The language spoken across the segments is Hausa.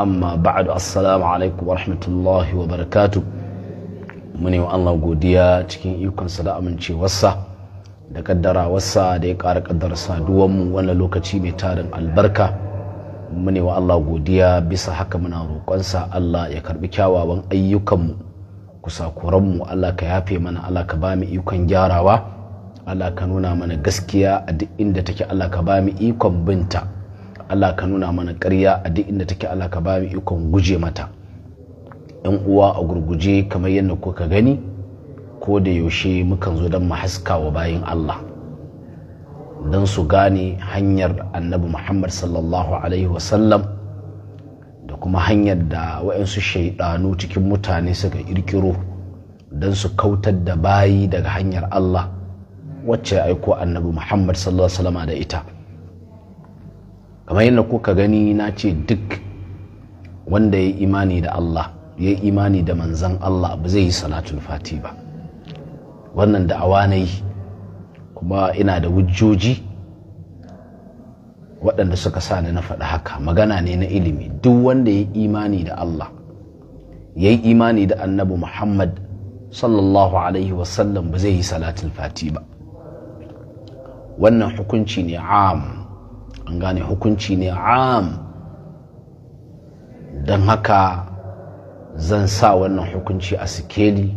amma ba'adu assalamu alaikum wa rahmatullahi wa barakatu Muni wa Allah godiya cikin sa da amincewarsa da wasa da ya ƙara kaddara saduwanmu wannan lokaci mai tarin albarka Muni wa Allah godiya bisa haka muna sa Allah ya karbi kyawawan ayyukanmu mu Allah ka yafe mana Allah ka bami ikon gyarawa Allah ka nuna mana gaskiya a duk inda take Allah ka bami ikon binta Allah ka nuna mana ƙarya a duk inda take Allah ka ba mu ikon guje mata yan uwa a gurguje kamar yadda kuka gani ko da yaushe mukan zo don mu haska wa bayin Allah don su gane hanyar annabi Muhammad sallallahu alaihi wasallam da kuma hanyar da waɗansu shaidanu cikin mutane suka ƙirƙiro don su kautar da bayi daga hanyar Allah wacce aiko annabi Muhammad sallallahu alaihi wasallama da ita kamar yadda kuka gani na ce duk wanda ya imani da Allah ya imani da manzan Allah ba zai yi salatul fati ba wannan da awanai kuma ina da wujjoji waɗanda suka sa ni na faɗi haka magana ne na ilimi duk wanda ya imani da Allah ya yi imani da annabi Muhammad sallallahu alaihi wasallam ba zai yi salatul fati ba wannan hukunci ne am an gane hukunci ne am don haka zan sa wannan hukunci a sikeli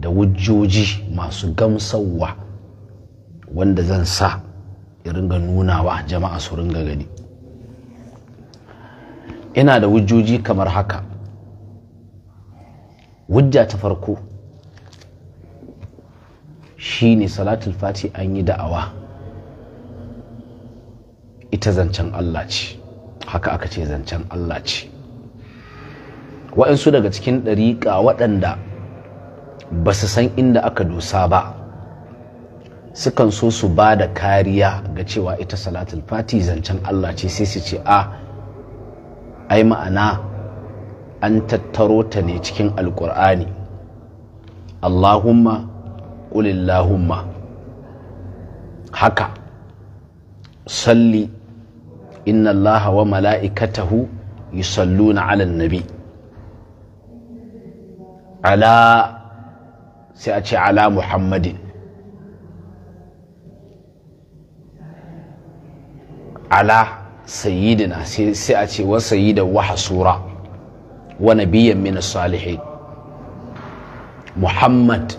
da wujjoji masu gamsarwa wanda zan sa ringa wa jama'a su ringa gani ina da wujjoji kamar haka wujja ta farko shi ne salatul fati an yi da'awa ita zancen Allah ce haka aka ce zancen Allah ce waɗansu daga cikin ɗariƙa waɗanda ba su san inda aka dosa ba sukan so su ba da kariya ga cewa ita salatul fati zancen Allah ce sai su ce a ai ma'ana an tattaro ta ne cikin Alƙur'ani Allahumma ƙulillahumma haka salli inna allaha wa mala'ikatahu yusalluna ala nabi ala sai a ce ala muhammadin ala sayyidina sai a ce wa sayyida wa hasura wa nabiyyan min salihin muhammad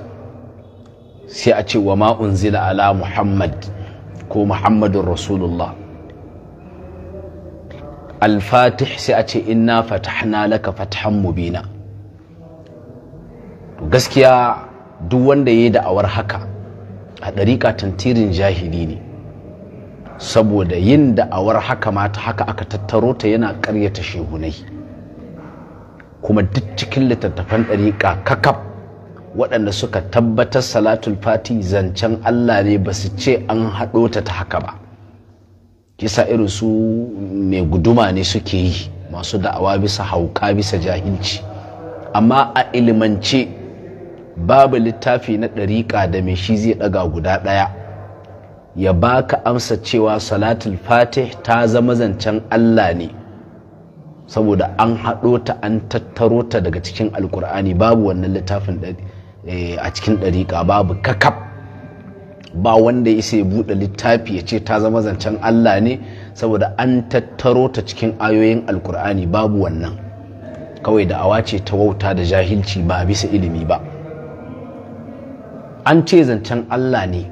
sai a ce wa ma unzila ala muhammad ko muhammadun rasulullah alfatih sai a ce inna fatahna laka fatahan mubina gaskiya duk wanda yayi yi da'awar haka a ɗariƙa tantirin jahili ne saboda yin da'awar haka ma ta haka aka tattaro ta yana ƙaryata shehunai kuma duk cikin littattafan ɗariƙa kakaf waɗanda suka tabbatar salatul fati zancen Allah ne ba su ce an haɗo ta ta haka ba kisa irin su mai guduma ne suke yi masu da'awa bisa hauka bisa jahilci amma a ilimance babu littafi na ɗariƙa da mai shi zai ɗaga guda ɗaya ya baka amsa cewa salatul fatih ta zama zancen allah ne saboda an haɗo ta an tattaro ta daga cikin alkur'ani babu wannan littafin eh, a cikin ɗariƙa babu kakaf ba wanda ya sai buɗe littafi ya ce ta zama zancen Allah ne saboda an tattaro ta cikin ayoyin alkur'ani babu wannan kawai da da'awa ce ta wauta da jahilci ba bisa ilimi ba an ce zancen Allah ne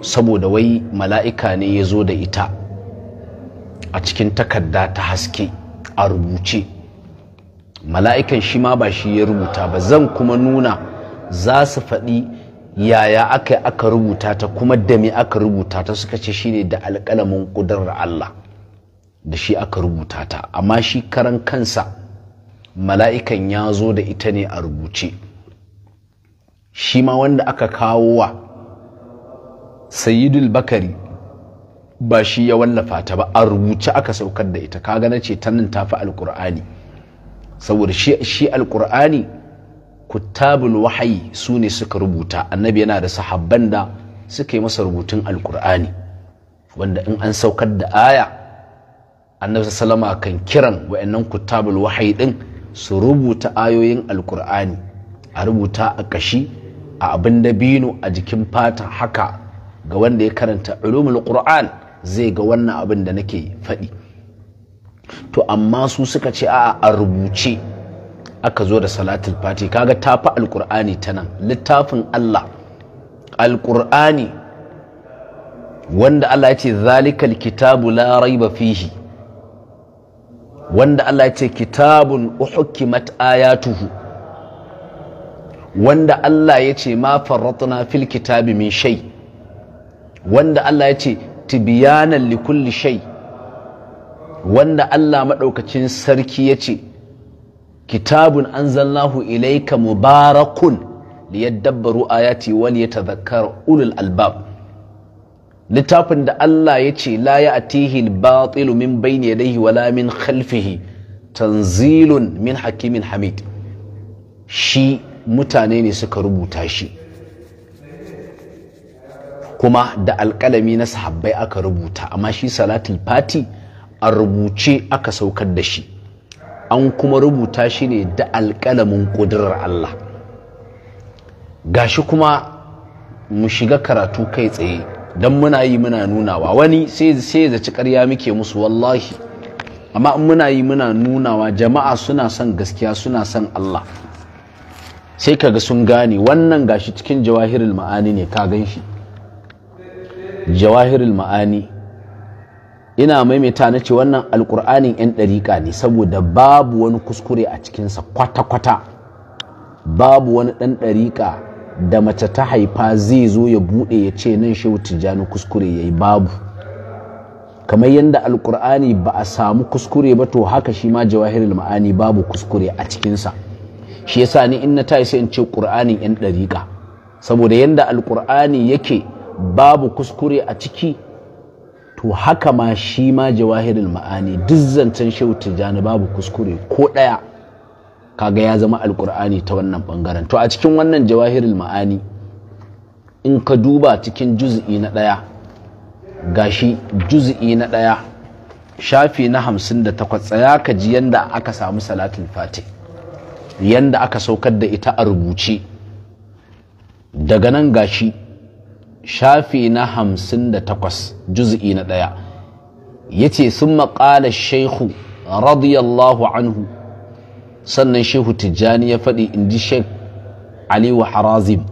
saboda wai mala'ika ne ya zo da ita a cikin takarda ta haske a rubuce mala'ikan shi ma ba shi ya rubuta ba zan kuma nuna za su faɗi yaya aka aka rubuta ta kuma da me aka rubuta ta suka ce shine da alƙalamin ƙudurar Allah da shi aka rubuta ta amma shi karan kansa mala'ikan ya zo da ita ne a rubuce shi ma wanda aka kawo wa sayyidul bakari ba shi ya wallafa ta ba a rubuce aka saukar da ita kaga na ce ta nan tafi alƙur'ani saboda shi alƙur'ani kuttabul wahayi su ne suka rubuta annabi yana da sahabban da suka yi masa rubutun alkur'ani wanda in an saukar da aya annabi salama kan kiran wa'annan kuttabul wahayi din su rubuta ayoyin alkur'ani a rubuta a kashi a abin da binu a jikin fata haka ga wanda ya karanta ulumul qur'an zai ga wannan abin da nake faɗi to amma su suka ce a a rubuce aka zo da salatul fati kaga tafi alkur'ani ta nan littafin Allah alkur'ani wanda Allah ya ce zalikal kitabu la raiba fihi wanda Allah ya ce kitabun uhkimat ayatuhu wanda Allah ya ce ma farratna fil kitabi min shay wanda Allah ya ce tibiyanan likulli shay wanda Allah maɗaukacin sarki ya ce kitabun anzalnahu ilaika mubarakun liyadabbaru ayati wal yatadhakkar ulul albab littafin da Allah ya ce la ya'tihi al min bayni yadayhi wala min khalfihi tanzilun min hakimin hamid shi mutane ne suka rubuta shi kuma da alƙalami na sahabbai aka rubuta amma shi salatul fati a rubuce aka saukar da shi an kuma rubuta shi ne da alƙalamin ƙudurar Allah gashi kuma mu shiga karatu kai tsaye don muna yi muna nunawa wani sai ya zaci ƙarya muke musu wallahi amma in muna yi muna nunawa jama'a suna son gaskiya suna son Allah sai ka ga sun gane wannan gashi cikin jawahirul ma'ani ne ka gan shi jawahirul ma'ani ina maimaita na ce wannan alkur'anin 'yan ɗariƙa ne saboda babu wani kuskure a cikinsa kwata-kwata babu wani ɗan ɗariƙa da mace ta haifa zai zo ya buɗe ya ce nan shehu tijjani kuskure ya yi babu kamar yadda alkur'ani ba a samu kuskure ba to haka shi ma jawahirul ma'ani babu kuskure a cikinsa shi yasa ni in na tayi sai in ce ƙur'anin 'yan ɗariƙa saboda yadda alkur'ani yake babu kuskure a ciki to haka ma shi ma jawahirul ma'ani duk zancen shehu tijani babu kuskure ko ɗaya kaga ya zama alkur'ani ta wannan bangaren to a cikin wannan jawahirul ma'ani in ka duba cikin juz'i na ɗaya gashi juz'i na ɗaya shafi na hamsin da takwas tsaya ka ji yanda aka samu salatul Fati, yanda aka saukar da ita a rubuce daga nan gashi shafi na hamsin da takwas juz'i na ɗaya ya ce sun maƙala shaihu radiyallahu anhu sannan shehu tijjani ya faɗi in ji shek aliyu harazim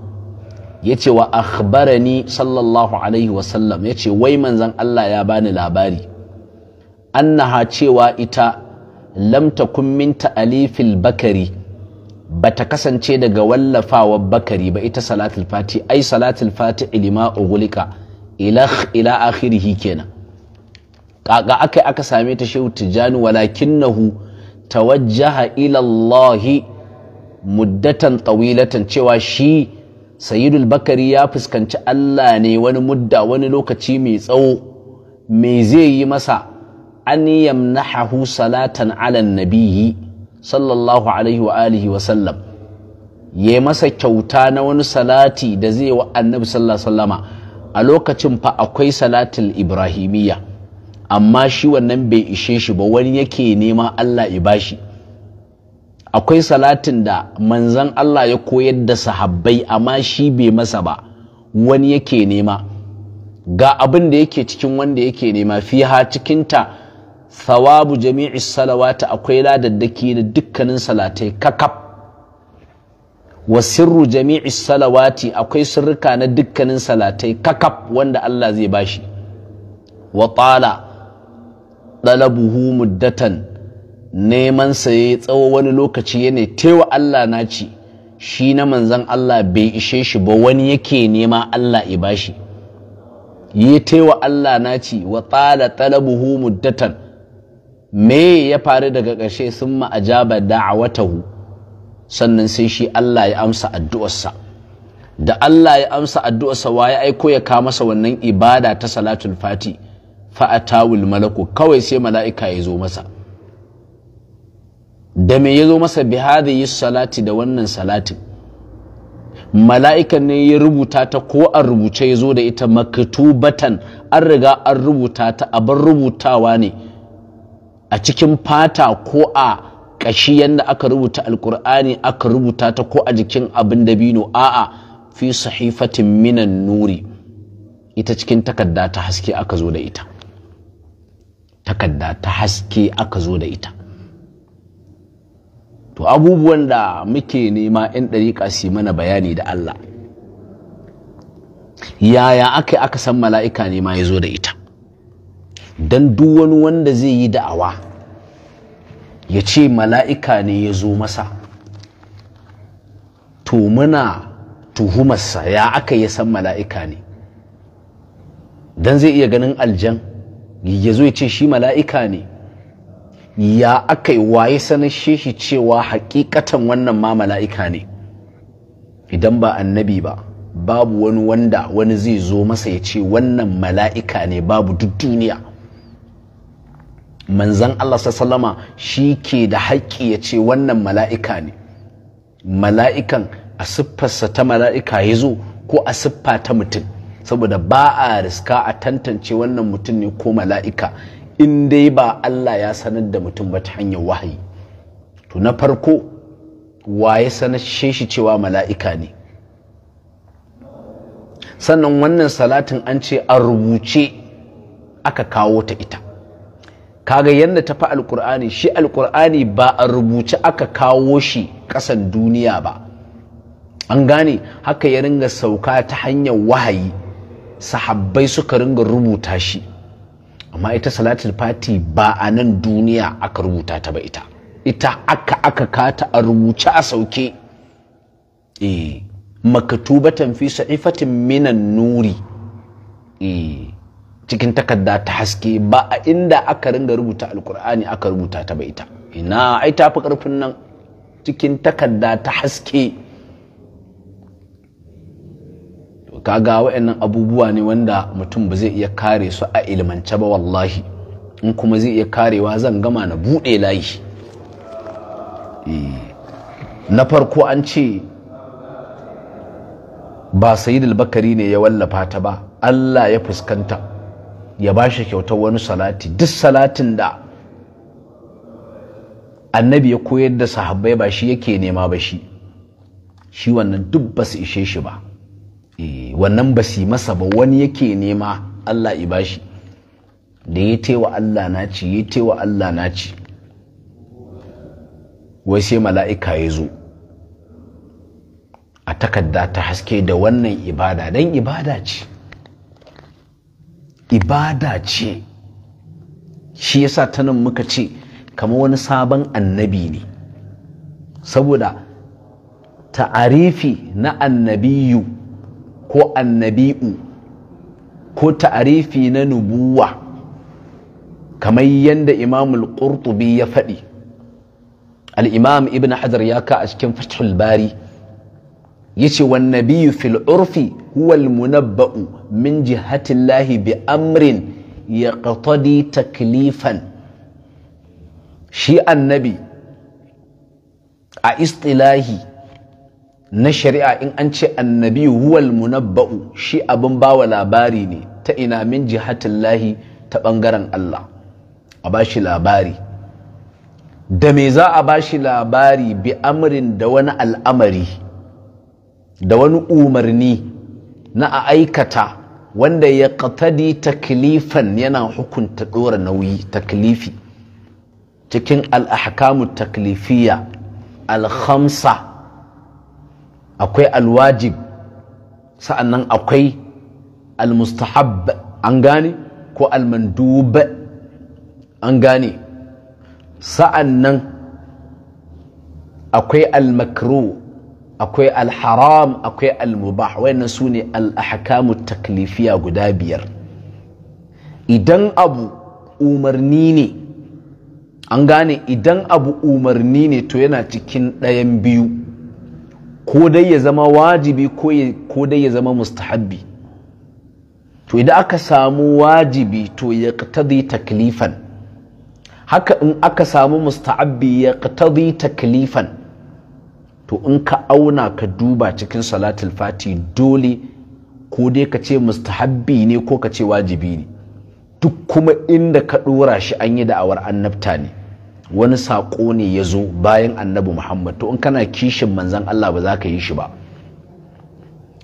ya ce wa akhbarani sallallahu alaihi wasallam ya ce wai manzan allah ya bani labari An annaha cewa ita lamta takun min ta'alifil bakari Ba ta kasance daga wallafawa bakari ba ita salatul fati ai salatul fati ilima ugulika ila ila akhirihi kenan kaga akai aka same ta shehu tijani walakinahu tawajjaha ila Allah muddatan tawilatan cewa shi sayyidul bakari ya fuskanci Allah ne wani mudda wani lokaci mai tsawo me zai yi masa an yamnahu salatan ala nabiyyi sallallahu alaihi wa alihi wa sallam ya masa kyauta na wani salati da zai wa annabi sallallahu sallama a lokacin fa akwai salatul ibrahimiyya amma shi wannan bai ishe shi ba wani yake nema Allah ya bashi akwai salatin da manzan Allah ya koyar da sahabbai amma shi bai masa ba wani yake nema ga abin da yake cikin wanda yake nema fiha cikinta thawabu jami'i salawati akwai ladaddaki da dukkanin salatai kakaf wa sirru jami'i salawati akwai sirrika na dukkanin salatai kakaf wanda Allah zai bashi wa tala dalabuhu muddatan neman saye tsawo wani lokaci yana tewa Allah naci shi na manzon Allah bai ishe shi ba wani yake nema Allah ya bashi yi tewa Allah naci wa tala talabuhu muddatan me ya faru daga ƙarshe sun ma'ajaba da da'awatahu sannan sai shi Allah ya amsa addu'arsa da Allah ya amsa addu'arsa wa ya aiko ya kawo masa wannan ibada ta salatul fati fa fa'atawul malaku kawai sai mala'ika ya zo masa da me ya zo masa bi hadhihi salati da wannan salatin mala'ikan ne ya rubuta ta ko an rubuce ya zo da ita makatubatan an riga an rubuta ta abin rubutawa ne a cikin fata ko a ƙashi yadda aka rubuta alƙur'ani aka rubuta ta ko a jikin abin dabino a'a fi sahifatin minan nuri ita cikin takarda ta haske aka zo da ita takarda ta haske aka zo da ita to abubuwan da muke nema 'yan ɗariƙa su mana bayani da Allah yaya aka aka san mala'ika ne ma ya zo da ita don duk wani wanda zai yi da'awa ya ce mala'ika ne ya zo masa to muna tuhumarsa ya aka yi san mala'ika ne don zai iya ganin aljan ya zo ya ce shi mala'ika ne ya aka yi waye sanar shi cewa hakikatan wannan ma mala'ika ne idan ba annabi ba babu wani wanda wani zai zo masa ya ce wannan mala'ika ne babu duk duniya manzan Allah sallama shi ke da haƙƙi ya ce wannan mala'ika ne mala'ikan a siffarsa ta mala'ika ya zo ko a siffa ta mutum saboda ba a riska a tantance wannan mutum ne ko mala'ika in dai ba Allah ya sanar da mutum ba ta hanyar wahayi to na farko wa ya sanar shi cewa mala'ika ne sannan wannan salatin an ce a rubuce aka kawo ta ita kaga yadda ta fi alkur'ani shi alkur'ani ba a rubuce aka kawo shi ƙasan duniya ba an gane haka ya ringa sauka ta hanyar wahayi sahabbai suka ringa rubuta shi amma ita salatul fati ba a nan duniya aka rubuta ta ba ita ita aka aka kata a rubuce a sauke eh makatubatan fi sa'ifatin minan nuri eh cikin takarda ta haske ba a inda aka ringa rubuta alkur'ani aka rubuta ta bai ita ina ai tafi karfin nan cikin takarda ta haske kaga wa'annan abubuwa ne wanda mutum ba zai iya kare su a ilmance ba wallahi in kuma zai iya karewa zan gama na buɗe layi eh, na farko an ce ba sayid bakari ne ya wallafa ta ba allah ya fuskanta ya ba shi kyautar wani salati duk salatin da annabi ya koyar da sahabbai ba shi yake nema ba shi shi wannan duk ba su ishe shi ba eh, wannan ba su yi masa ba wani yake nema Allah ba bashi da ya wa Allah na ci ya wa Allah na ci wai sai mala'ika ya zo a takarda ta haske da wannan ibada don ibada ce ibada ce shi yasa ta nan muka ce kamar wani sabon annabi ne saboda ta'arifi na annabiyu ko annabi'u ko ta'arifi na nubuwa kamar yadda imamul qurtubi ya faɗi al-imam ibn hajar ya ka a cikin fathul bari yace wan nabiyyu fil urfi huwa al munabba'u min jihati llahi bi amrin yaqtadi taklifan shi annabi a istilahi na shari'a in an ce annabi huwal munabba'u shi abin bawa labari ne ta ina min jihatin lahi ta bangaren Allah a bashi labari da me za a bashi labari bi amrin da wani al'amari da wani umarni na a aikata wanda ya katadi taklifan yana hukunta ɗora nauyi taklifi cikin al'ahkamu taklifiya alhamsa akwai alwajib sa'annan akwai almustahab an gane ko almandub an gane sa'annan akwai almakro akwai alharam akwai almubah wayannan su ne al'ahakamu taklifiya guda biyar idan abu umarni ne an gane idan abu umarni ne to yana cikin ɗayan biyu ko dai ya zama wajibi ko dai ya zama mustahabbi to idan aka samu wajibi to ya taklifan haka in aka samu mustahabbi ya taklifan to in ka auna ka duba cikin salatul fati dole ko dai ka ce mustahabbi ne ko ka ce wajibi ne duk kuma inda ka ɗora shi an yi da'awar annabta ne wani saƙo ne ya zo bayan annabi muhammad to in kana kishin manzan allah ba za ka yi shi ba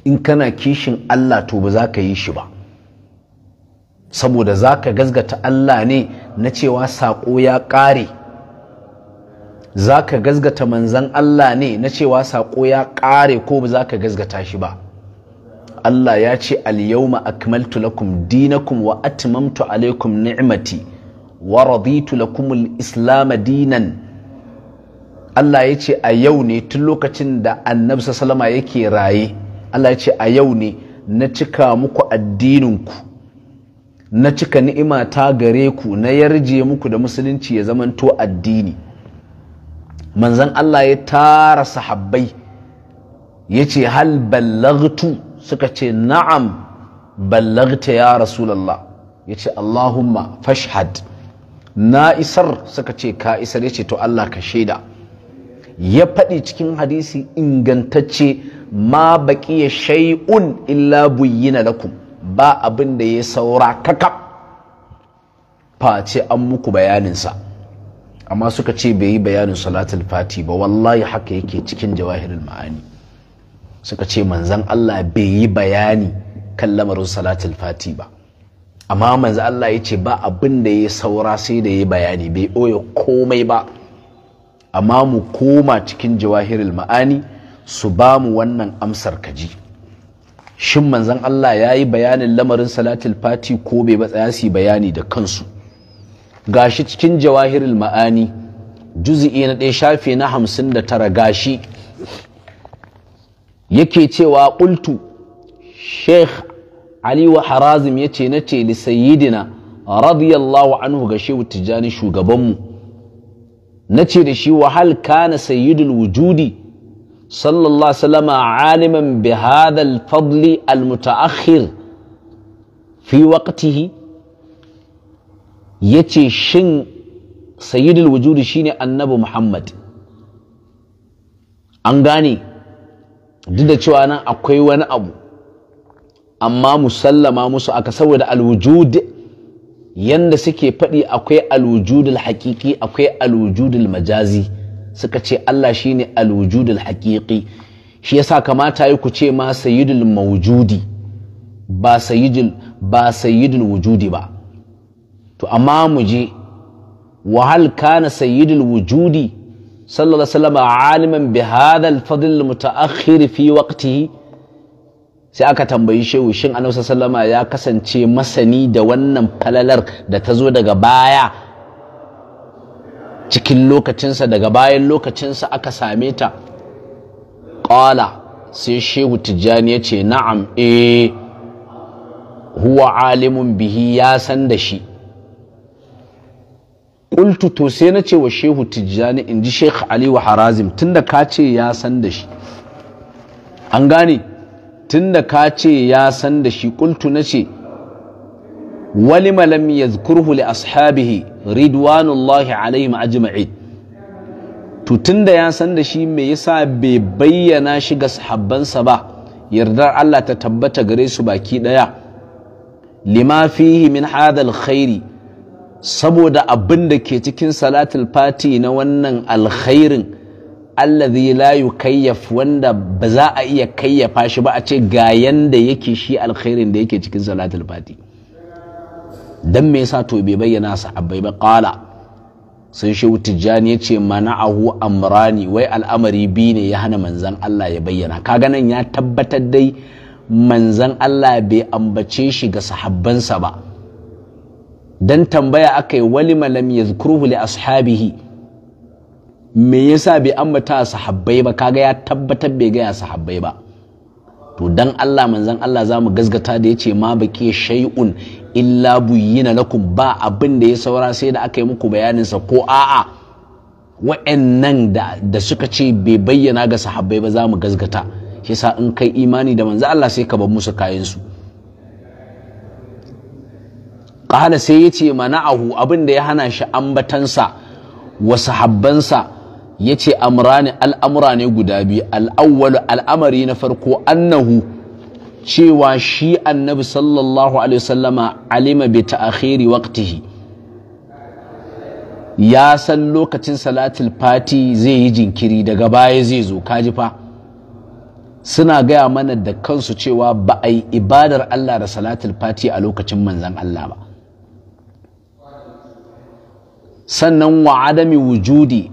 in kana kishin allah to ba za ka yi shi ba saboda za ka gazgata allah ne na cewa saƙo ya ƙare za ka gazgata manzan Allah ne na cewa saƙo ya ƙare ko ba za ka gazgata shi ba Allah ya ce alyawma akmaltu lakum dinakum wa atmamtu alaykum ni'mati wa raditu lakum al-islam dinan Allah ya ce a yau ne tun lokacin da annabi sallama yake raye Allah ya ce a yau ne na cika muku addininku na cika ni'imata ta gare ku na yarje muku da musulunci ya zamanto addini manzan Allah ya tara sahabbai ya ce hal ballagtu suka ce na'am ballagta ya rasulallah ya ce Allahumma fashhad na isar suka ce ka isar ya ce to Allah ka shaida ya faɗi cikin hadisi ingantacce ma baƙi ya shai'un illa buyyina lakum ba abin da ya saura kakab face an muku bayaninsa amma suka ce bai yi bayanin salatul fati ba wallahi haka yake cikin jawahirin ma'ani suka ce manzan Allah bai yi bayani kan lamarin salatul fati ba amma manzan Allah ya ce ba abin da ya saura sai da ya bayani bai ɓoye komai ba amma mu koma cikin jawahirin ma'ani su ba mu wannan amsar kaji shin manzan Allah ya yi bayanin lamarin salatul fati ko bai ba bayani da kansu gashi cikin jawahirul ma'ani juzi'i na ɗaya shafi na hamsin da tara gashi yake cewa ƙultu sheikh ali wa harazim ya ce na ce li sayyidina radiyallahu anhu ga shehu tijjani shugabanmu na ce da shi wahal kana sayyidul wujudi sallallahu salama aliman bi hadha al-fadli al-muta'akhir fi waqtihi ya ce shin sayyidul wujudi shine annabi muhammad an gane duk da cewa nan akwai wani abu amma musallama musu aka saboda alwujud yanda suke faɗi akwai alwujudul haƙiƙi akwai alwujudul majazi suka ce Allah shine alwujudul haƙiƙi shi yasa kamata yi ku ce ma sayyidul mawjudi ba sayyidul ba sayyidul wujudi ba to amma mu je wahal kana sayyidul wujudi sallallahu alaihi wasallam aliman bi hadha al-fadl mutaakhir fi waqtihi sai aka tambayi shehu shin annabi sallama ya kasance masani da wannan falalar da ta zo daga baya cikin lokacinsa daga bayan lokacinsa aka same ta qala sai shehu tijjani ya ce na'am eh huwa alimun bihi ya san da shi ƙultu to sai na ce wa shehu tijjani in ji Aliyu ali harazim tunda ka ce ya san da shi an gane tunda ka ce ya san da shi ƙultu na ce wali malam ya zkurhu li ashabihi ridwanullahi alaihim ajma'in to tunda ya san da shi me yasa bai bayyana shi ga sahabbansa ba yardar Allah ta tabbata gare su baki ɗaya. lima fihi min hadha alkhairi saboda abin da ke cikin salatul fati na wannan alkhairin zai la yukayyaf wanda ba za a iya kayyafa shi ba a ce ga yanda yake shi alkhairin da yake cikin salatul fati dan me yasa to bai bayyana abai ba qala sun shi tijjani ya ce mana'ahu amrani wai al'amari biyu ne ya hana manzan Allah ya bayyana kaga nan ya tabbatar dai manzan Allah bai ambace shi ga sahabbansa ba dan tambaya aka yi wali malam ya li ashabihi me yasa bai ambata sahabbai ba kaga ya tabbatar bai gaya sahabbai ba to dan Allah manzon Allah zamu gazgata da yace ma baki shay'un illa buyina lakum ba abin da ya saura sai da aka yi muku bayanin sa ko a'a wa'annan da da suka ce bai bayyana ga sahabbai ba zamu gazgata shi sa in kai imani da manzon Allah sai ka bar musu kayansu. ƙala sai ya ce mana'ahu abin da ya hana shi ambatansa wa sahabbansa ya ce amrani al'amura ne guda biyu al'awwal al'amari na farko annahu cewa shi annabi sallallahu alaihi wasallama alima bi ta'khiri waqtihi ya san lokacin salatul fati zai yi jinkiri daga baya zai zo kaji fa suna gaya mana da kansu cewa ba a yi ibadar Allah da salatul fati a lokacin manzan Allah ba sannan wa adami wujudi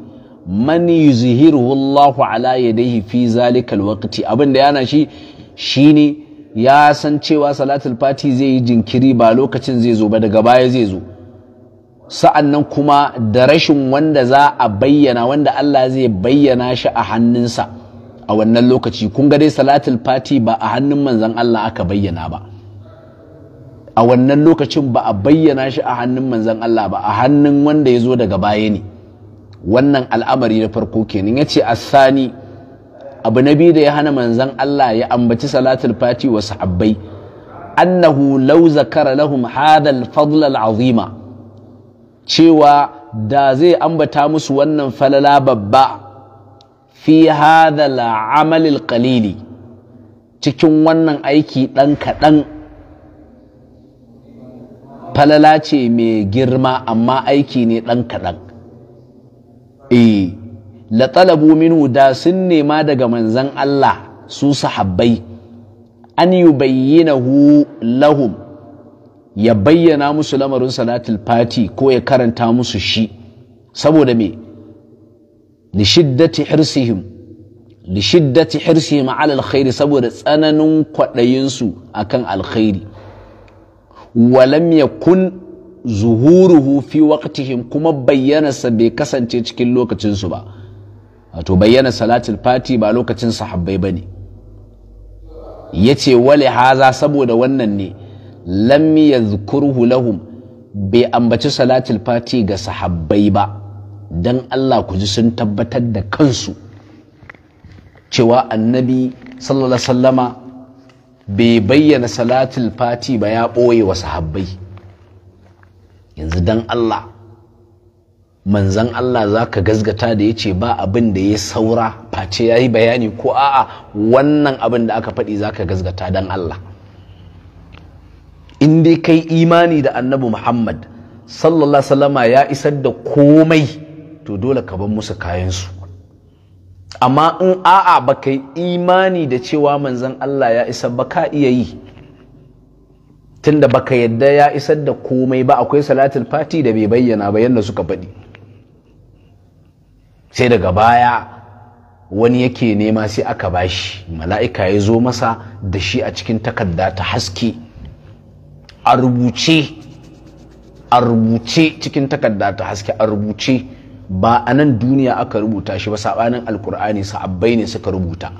man yuzhiruhu Allahu ala yadayhi fi zalikal waqti abin da yana shi shine ya san cewa salatul fati zai yi jinkiri ba lokacin zai zo ba daga baya zai zo sa'annan kuma da rashin wanda za a bayyana wanda Allah zai bayyana shi a hannunsa a wannan lokaci kun ga dai salatul fati ba a hannun manzon Allah aka bayyana ba a wannan lokacin ba a bayyana shi a hannun manzan Allah ba a hannun wanda ya zo daga baya ne wannan al'amari na farko kenan ya ce asani abu na biyu da ya hana manzan Allah ya ambaci salatul fati wa sahabbai annahu law zakara lahum hadha al-fadl al-azima cewa da zai ambata musu wannan falala babba fi hadha al-amal al-qalili cikin wannan aiki dan kaɗan falala ce mai girma amma aiki ne ɗan kaɗan eh la talabu da sun nema daga manzan Allah su sahabbai an yi hu lahum ya bayyana musu lamarin salatul fati ko ya karanta musu shi saboda me li shiddati hirsihim li shiddati hirsihim ala saboda tsananin kwaɗayinsu akan alkhairi walam yakun zuhuruhu fi waqtihim kuma bayyanarsa bai kasance cikin lokacinsu ba wato bayyana salatul fati ba lokacin sahabbai ba ne ya ce wale haza saboda wannan ne lam yadhkurhu lahum bai ambaci salatul fati ga sahabbai ba don Allah ku ji sun tabbatar da kansu cewa annabi sallallahu sallama bai bayyana salatul fati ba ya ɓoye wa sahabbai yanzu don Allah manzan Allah za ka gazgata da ya ce ba abin da ya saura face ya yi bayani ko a'a wannan abin da aka faɗi za ka gazgata don Allah in dai kai imani da annabi Muhammad sallallahu alaihi ya isar da komai to dole ka bar musu kayansu amma in a'a baka imani da cewa manzon Allah ya isa baka iya yi tunda baka yadda ya isar da komai ba akwai salatul fati da bai bayyana ba yadda suka faɗi sai daga baya wani yake nema sai aka bashi mala'ika ya zo masa da shi a cikin takarda ta haske a rubuce a rubuce cikin takarda ta haske a rubuce ba a nan duniya aka rubuta shi ba saɓanin alkur'ani sa'abbai ne suka rubuta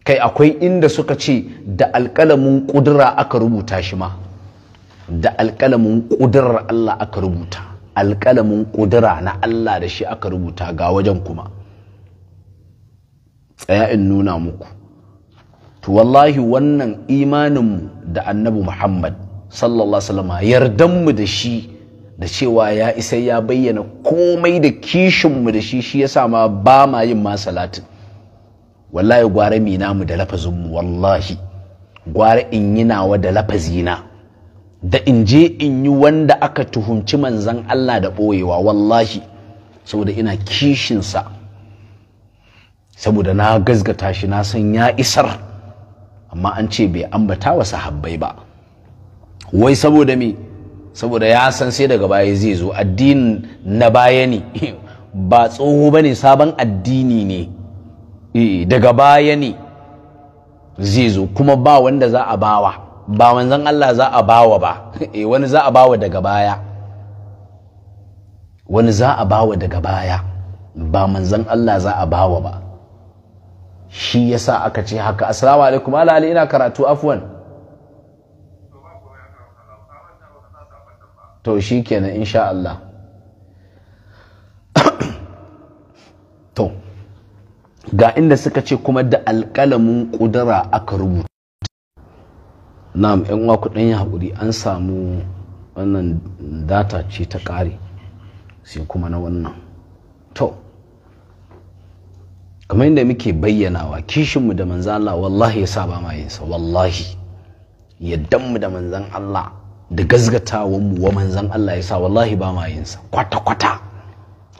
kai akwai inda suka ce da alƙalamin ƙudura aka rubuta shi ma da alƙalamin ƙudurar Allah aka rubuta alƙalamin ƙudura na Allah da shi aka rubuta ga wajen kuma tsaya in nuna muku to wallahi wannan imaninmu da annabi Muhammad sallallahu alaihi yardanmu da shi da cewa ya isa ya bayyana komai da kishinmu da shi shi ya sa ma ba ma yin ma salatin wallahi gwara mi namu da lafazinmu wallahi gwara in yi nawa da lafazina da in je in yi wanda aka tuhumci manzan Allah da ɓoyewa wallahi saboda ina kishinsa saboda na gazgata shi na san ya isar amma an ce bai ambata wa sahabbai ba wai saboda me saboda ya san sai daga baya zai zo addinin na baya ne ba tsoho ba ne sabon addini ne eh, daga baya ne zai zo kuma ba wanda za a bawa ba wanzan Allah za a bawa ba eh, wani za a bawa daga baya wani za a bawa daga baya ba manzan Allah za a bawa ba shi yasa aka ce haka assalamu alaikum ala ina karatu afwan to shi kenan insha Allah to ga inda suka ce kuma da alkalamin ƙudura aka rubuta na'am yan uwa kuɗin ya haƙuri an samu wannan data ce ta ƙare sai kuma na wannan to kamar inda muke bayyanawa kishinmu da manzan Allah wallahi ya sa ba ma yinsa wallahi yaddanmu da manzan Allah da gazgatawanmu mu wa manzan Allah ya sa wallahi ba ma yin kwata kwata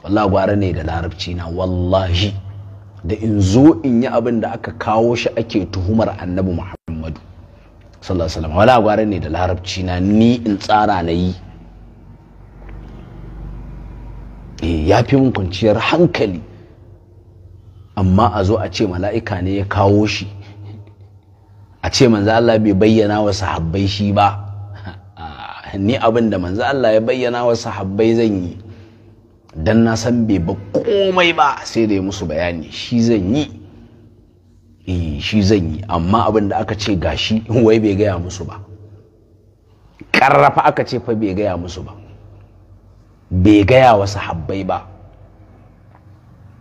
wallahi gwara ne da larabci na wallahi da in zo in yi abin da aka kawo shi ake tuhumar annabi Muhammadu sallallahu alaihi wasallam wallahi gwara ne da larabci na ni in tsara na yi eh, ya fi mun kwanciyar hankali amma a zo a ce mala'ika ne ya kawo shi a ce manzo Allah bai bayyana wa sahabbai shi ba ni abin da manzo Allah ya bayyana wa sahabbai zan yi dan na san bai ba komai ba sai da ya musu bayani shi zan yi eh shi zan yi amma abin da aka ce gashi wai bai gaya musu ba karrafa aka ce fa bai gaya musu ba bai gaya wa sahabbai ba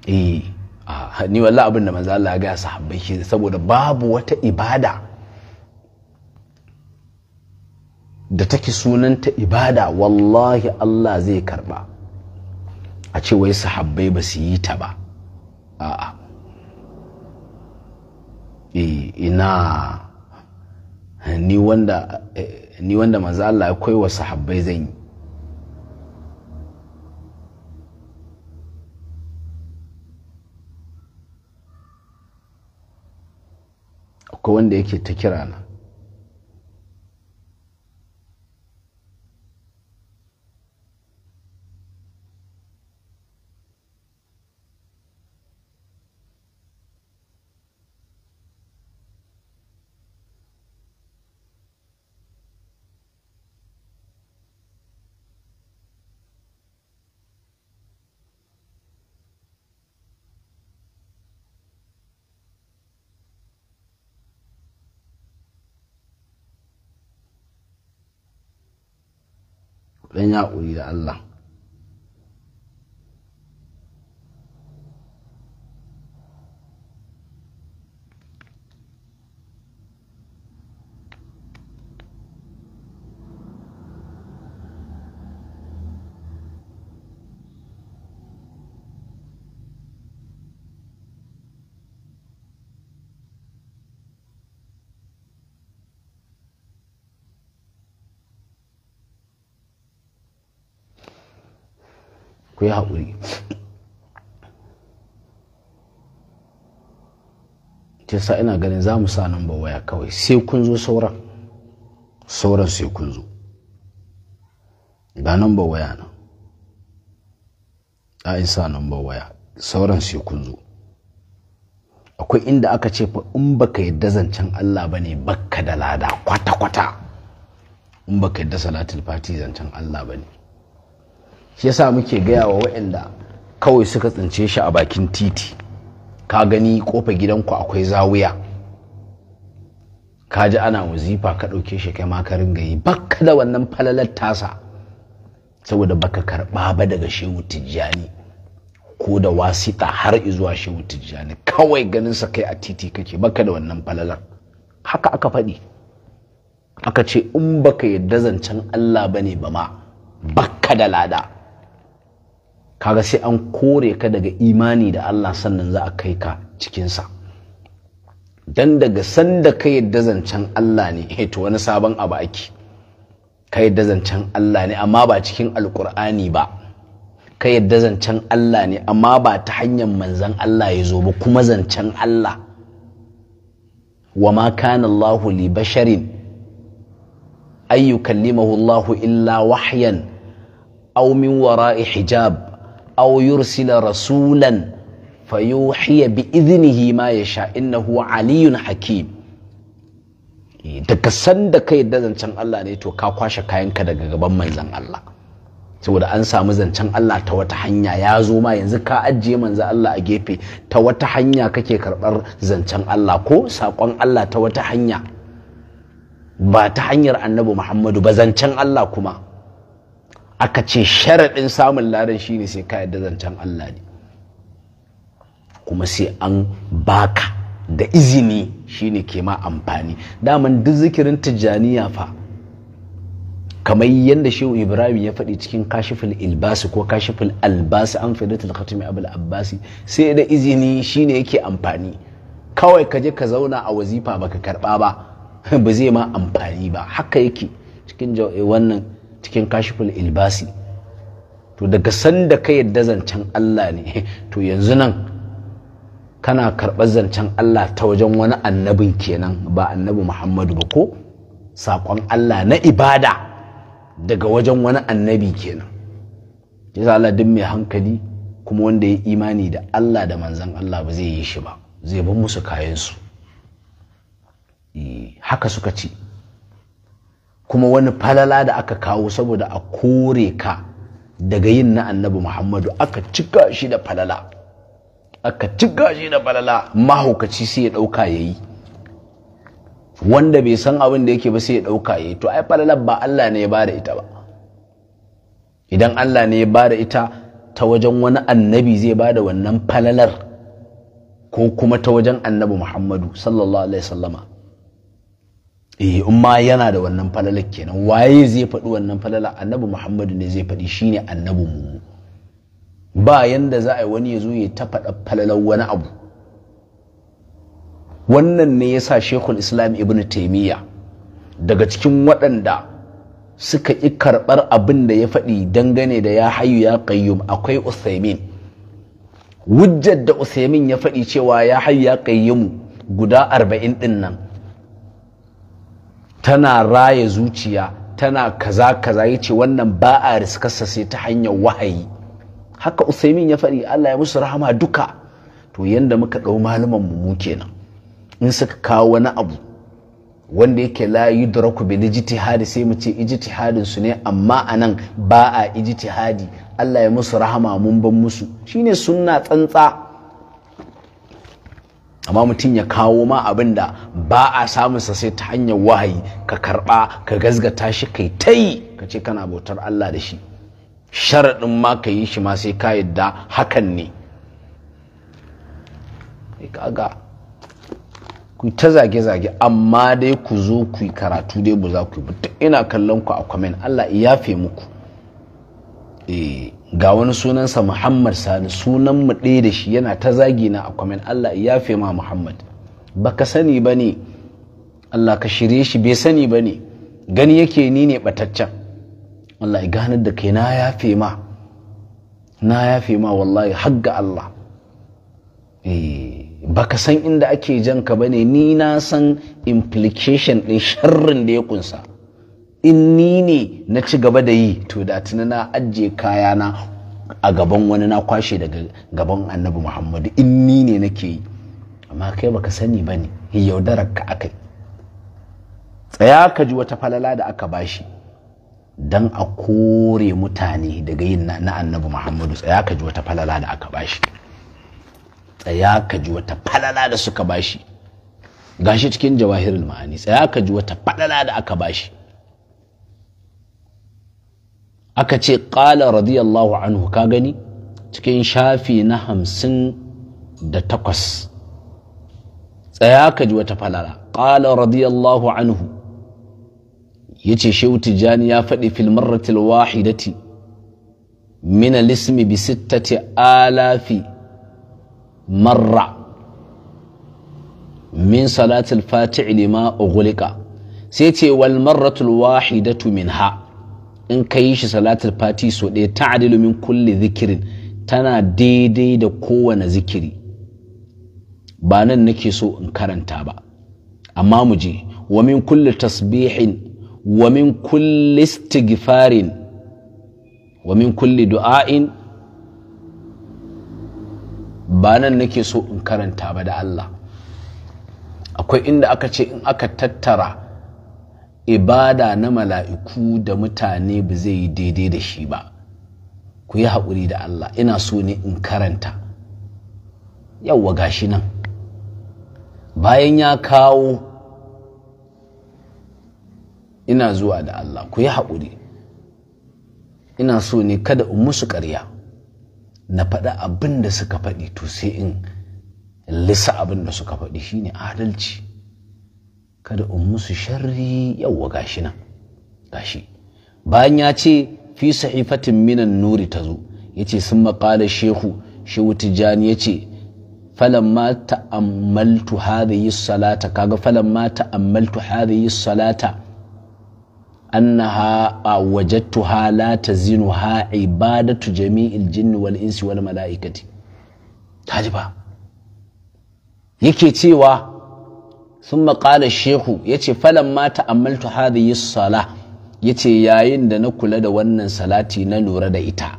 eh ni wallahi abin da manzo Allah ya gaya sahabbai shi saboda babu wata ibada da take sunanta ibada wallahi Allah zai karba a ce wai sahabbai ba su yi ta ba a'a e, ina ni wanda e, ni wanda manzo Allah ya koyi sahabbai zan yi akwai wanda yake ta kira na dan ya da Allah ku yi haƙuri sa ina ganin za mu sa nan ba waya kawai sai kun zo sauran sauran sai kun zo ga nan ba waya nan a in sa nan ba waya sauran sai kun zo akwai inda aka ce fa in baka yadda zancen Allah ba ne baka da lada kwata-kwata in baka yadda salatul fati zancen Allah ba ne shi yasa muke gaya wa waɗanda kawai suka tsince shi a bakin titi ka gani kofa gidanku akwai zawuya? ka ji ana wazifa ka ɗauke shi kai ma ka baka bakka da wannan falalar tasa saboda baka karɓa ba daga shehu tijjani ko da wasita har izuwa shehu tijjani kawai ganinsa kai a titi kake baka da wannan falalar haka aka faɗi aka ce in baka yadda zancen Allah bane ba ma bakka da lada kaga sai an kore ka daga imani da Allah sannan za a kai ka cikinsa dan daga sanda ka yadda zancen Allah ne eh to wani sabon abu ake ka yadda zancen Allah ne amma ba cikin alkur'ani ba ka yadda zancen Allah ne amma ba ta hanyar manzan Allah ya zo ba kuma zancen Allah wa ma kana Allah li basharin ayyukallimahu Allah illa wahyan aw min wara'i hijab aw yursila rasulan fayuhiya bi idnihi ma na huwa aliyun hakim eh, daga san da ka da zancen Allah ne to ka kwashe kayanka daga gaban manzan Allah saboda an samu zancen Allah ta wata hanya ya zo ma yanzu ka ajiye manzan Allah a gefe ta wata hanya kake karɓar zancen Allah ko saƙon Allah ta wata hanya ba ta hanyar annabi Muhammadu ba zancen Allah kuma aka ce sharaɗin samun ladan shine sai ka yadda zancen Allah ne kuma sai an baka da izini shine ke ma amfani daman duk zikirin tijjaniya fa kamar yadda shehu ibrahim ya faɗi cikin kashiful ilbasi ko kashiful albasi an fi fidatul khatimi abul abbasi sai da izini shine yake amfani kawai ka je ka zauna a wazifa baka karɓa ba ba zai ma amfani ba haka yake cikin eh, wannan cikin kashiful ilbasi to daga sanda ka yadda zancen Allah ne to yanzu nan kana karɓar zancen Allah ta wajen wani annabin kenan ba annabi Muhammadu ba ko saƙon Allah na ibada daga wajen wani annabi kenan yasa Allah duk mai hankali kuma wanda ya imani da Allah da manzan Allah ba zai yi shi ba zai bar musu kayansu eh, haka suka ce kuma wani falala da aka kawo saboda a kore ka daga yin na annabi muhammadu aka cika shi da falala aka cika shi da falala mahaukaci sai ya ɗauka ya yi wanda bai san abin da yake ba sai ya ɗauka ya yi to ai falalar ba allah ne ya bada ita ba idan allah ne ya ba da ita ta wajen wani annabi zai bada wannan falalar ko kuma ta wajen annabi muhammadu sallallahu alaihi sallama eh in ma yana da wannan falalar kenan waye zai faɗi wannan falala annabi muhammadu ne zai faɗi shine annabi mu ba yanda za a yi wani ya zo ya ta faɗa falalar wani abu wannan ne yasa shekul islam ibnu taimiyya daga cikin waɗanda suka ƙi karɓar abin da ya faɗi dangane da ya hayu ya qayyum akwai usaimin wujjar da usaimin ya faɗi cewa ya hayu ya qayyumu guda arba'in ɗin nan tana raya zuciya tana kaza kaza ya ce wannan ba a riskarsa sai ta hanyar wahayi haka usaimin ya faɗi allah ya musu rahama duka to yadda muka ɗau malaman mu kenan in suka kawo wani abu wanda yake layu la yudraku bil ijtihadi sai mu ce ijtihadin su ne amma anan ba a ijtihadi Allah ya musu rahama mun ban musu shine sunna tsantsa amma mutum ya kawo ma abin da ba a samunsa sai ta hanyar wahayi ka karɓa ka gazgata shi kai ta yi ka ce kana bautar Allah da shi sharaɗin ma ka yi shi ma sai ka yadda hakan ne kaga ku ta zage-zage amma dai ku zo ku yi karatu dai ba za ku yi ina kallon ku a kwamen Allah ya fe muku Eh, ga wani sunansa muhammad sani sunan mu ɗaya da shi yana ta zagi na a kwamen allah ya fi ma muhammad baka sani ba ne allah ka shirye shi bai sani ba ne gani yake ni ne ɓataccen allah ya gane da kai na ya fi ma na ya fi ma wallahi hagga allah eh, baka san inda ake janka ba ne ni na san implication ɗin sharrin da ya kunsa in ni ne na ci gaba da yi to da tuni na ajiye kayana a gaban wani na kwashe daga gaban annabi muhammadu in ni ne nake yi amma kai baka sani ba ne yaudarar ka yi. tsaya ka ji wata falala da aka bashi don a kore mutane daga yin na annabi muhammadu tsaya ka ji wata falala da aka bashi tsaya ka ji wata falala da suka bashi gashi cikin jawahirul ma'ani tsaya ka ji wata falala da aka bashi aka ce ƙala radiyallahu anhu ka gani cikin shafi na hamsin da takwas tsaya ka ji wata falala ƙala radiyallahu anhu ya ce shehu tijjani ya faɗi filmarratil wahidati min al-ismi bi sittati alafi marra min salatil fati'i lima ughliqa sai ce wal marratul wahidatu minha in ka yi shi salatar fati so ɗaya ta min kulle zikirin tana daidai da kowane zikiri ba nan nake so in karanta ba amma mu je wa min tasbihin wa min kulli istighfarin wa min du'ain ba nan nake so in karanta ba da Allah akwai inda aka ce in aka tattara ibada na mala'iku da mutane ba zai yi daidai da shi ba ku yi haƙuri da Allah ina so ne in karanta yawwa gashi nan bayan ya kawo ina zuwa da Allah ku yi haƙuri ina so ne kada in musu karya na faɗa abin da suka faɗi to sai in lissa abin da suka faɗi shine adalci kada in musu sharri yawwa gashi nan gashi bayan ya ce fi sahifatin minan nuri ta zo ya ce sun maƙala shehu shehu tijjani ya ce falamma ta'ammaltu hadhihi salata kaga falamma ta'ammaltu hadhihi salata annaha awajadtuha la ha ibadatu jami'il jinni wal insi wal mala'ikati tajiba yake cewa sun maƙala shehu ya ce falon mata ammaltu yi sala ya ce yayin da na kula da wannan salati na lura da ita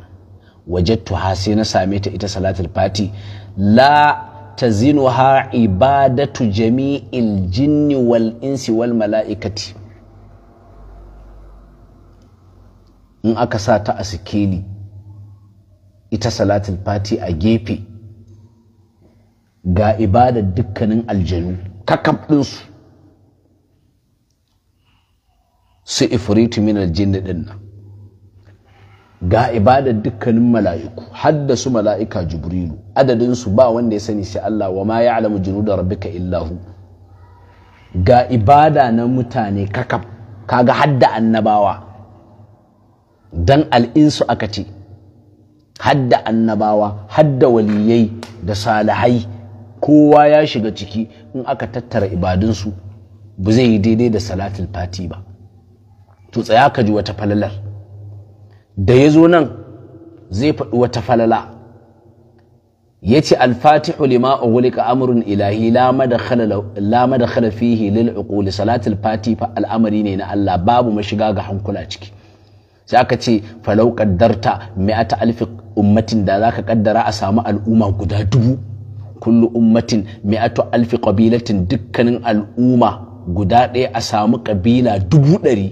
waje tuha sai na same ta ita salatul fati la tazinuha ibadatu jami'il jinni wal insi wal mala'ikati in aka sa ta a sikeli ita salatin fati a gefe ga ibadar dukkanin aljanu kakaf ɗinsu su ifriti minar jinni ɗin nan ga ibadar dukkanin mala'iku su mala'ika jibrilu adadinsu ba wanda ya sani sai Allah wa ma ya ya'lamu junuda rabbika illahu ga ibada na mutane kakaf kaga hadda annabawa dan al'insu aka ce hadda annabawa hadda waliyai da salihai kowa ya shiga ciki in aka tattara ibadunsu ba zai yi daidai da salatul fati ba to tsaya ka ji wata falalar da ya zo nan zai faɗi wata falala ya ce alfatihu lima ughliqa amrun ilahi la madkhala fihi lil uquli salatul fati fa al'amari ne na Allah babu mashiga ga hankula ciki sai aka ce falau qaddarta mi'ata alfi ummatin da zaka kaddara a samu al'umma guda dubu kullu ummatin mi'atu alfi qabilatin dukkanin al'umma guda ɗaya a samu ƙabila dubu ɗari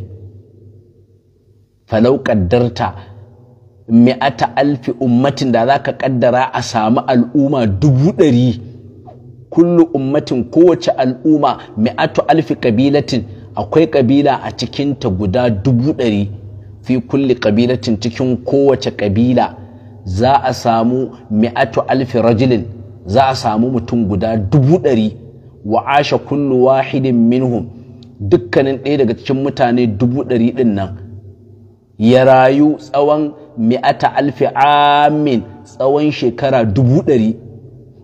falau ƙaddarta mi'ata alfi ummatin da za ka ƙaddara a samu al'umma dubu ɗari kullu ummatin kowace al'umma mi'atu alfi ƙabilatin akwai ƙabila a cikinta guda dubu ɗari fi kulli ƙabilatin cikin kowace ƙabila za a samu mi'atu alfi rajulin za a samu mutum guda dubu ɗari wa asha kullu wahidin minhum dukkanin ɗaya daga cikin mutane dubu ɗari ɗin nan ya rayu tsawon mi'ata alfi amin tsawon shekara dubu ɗari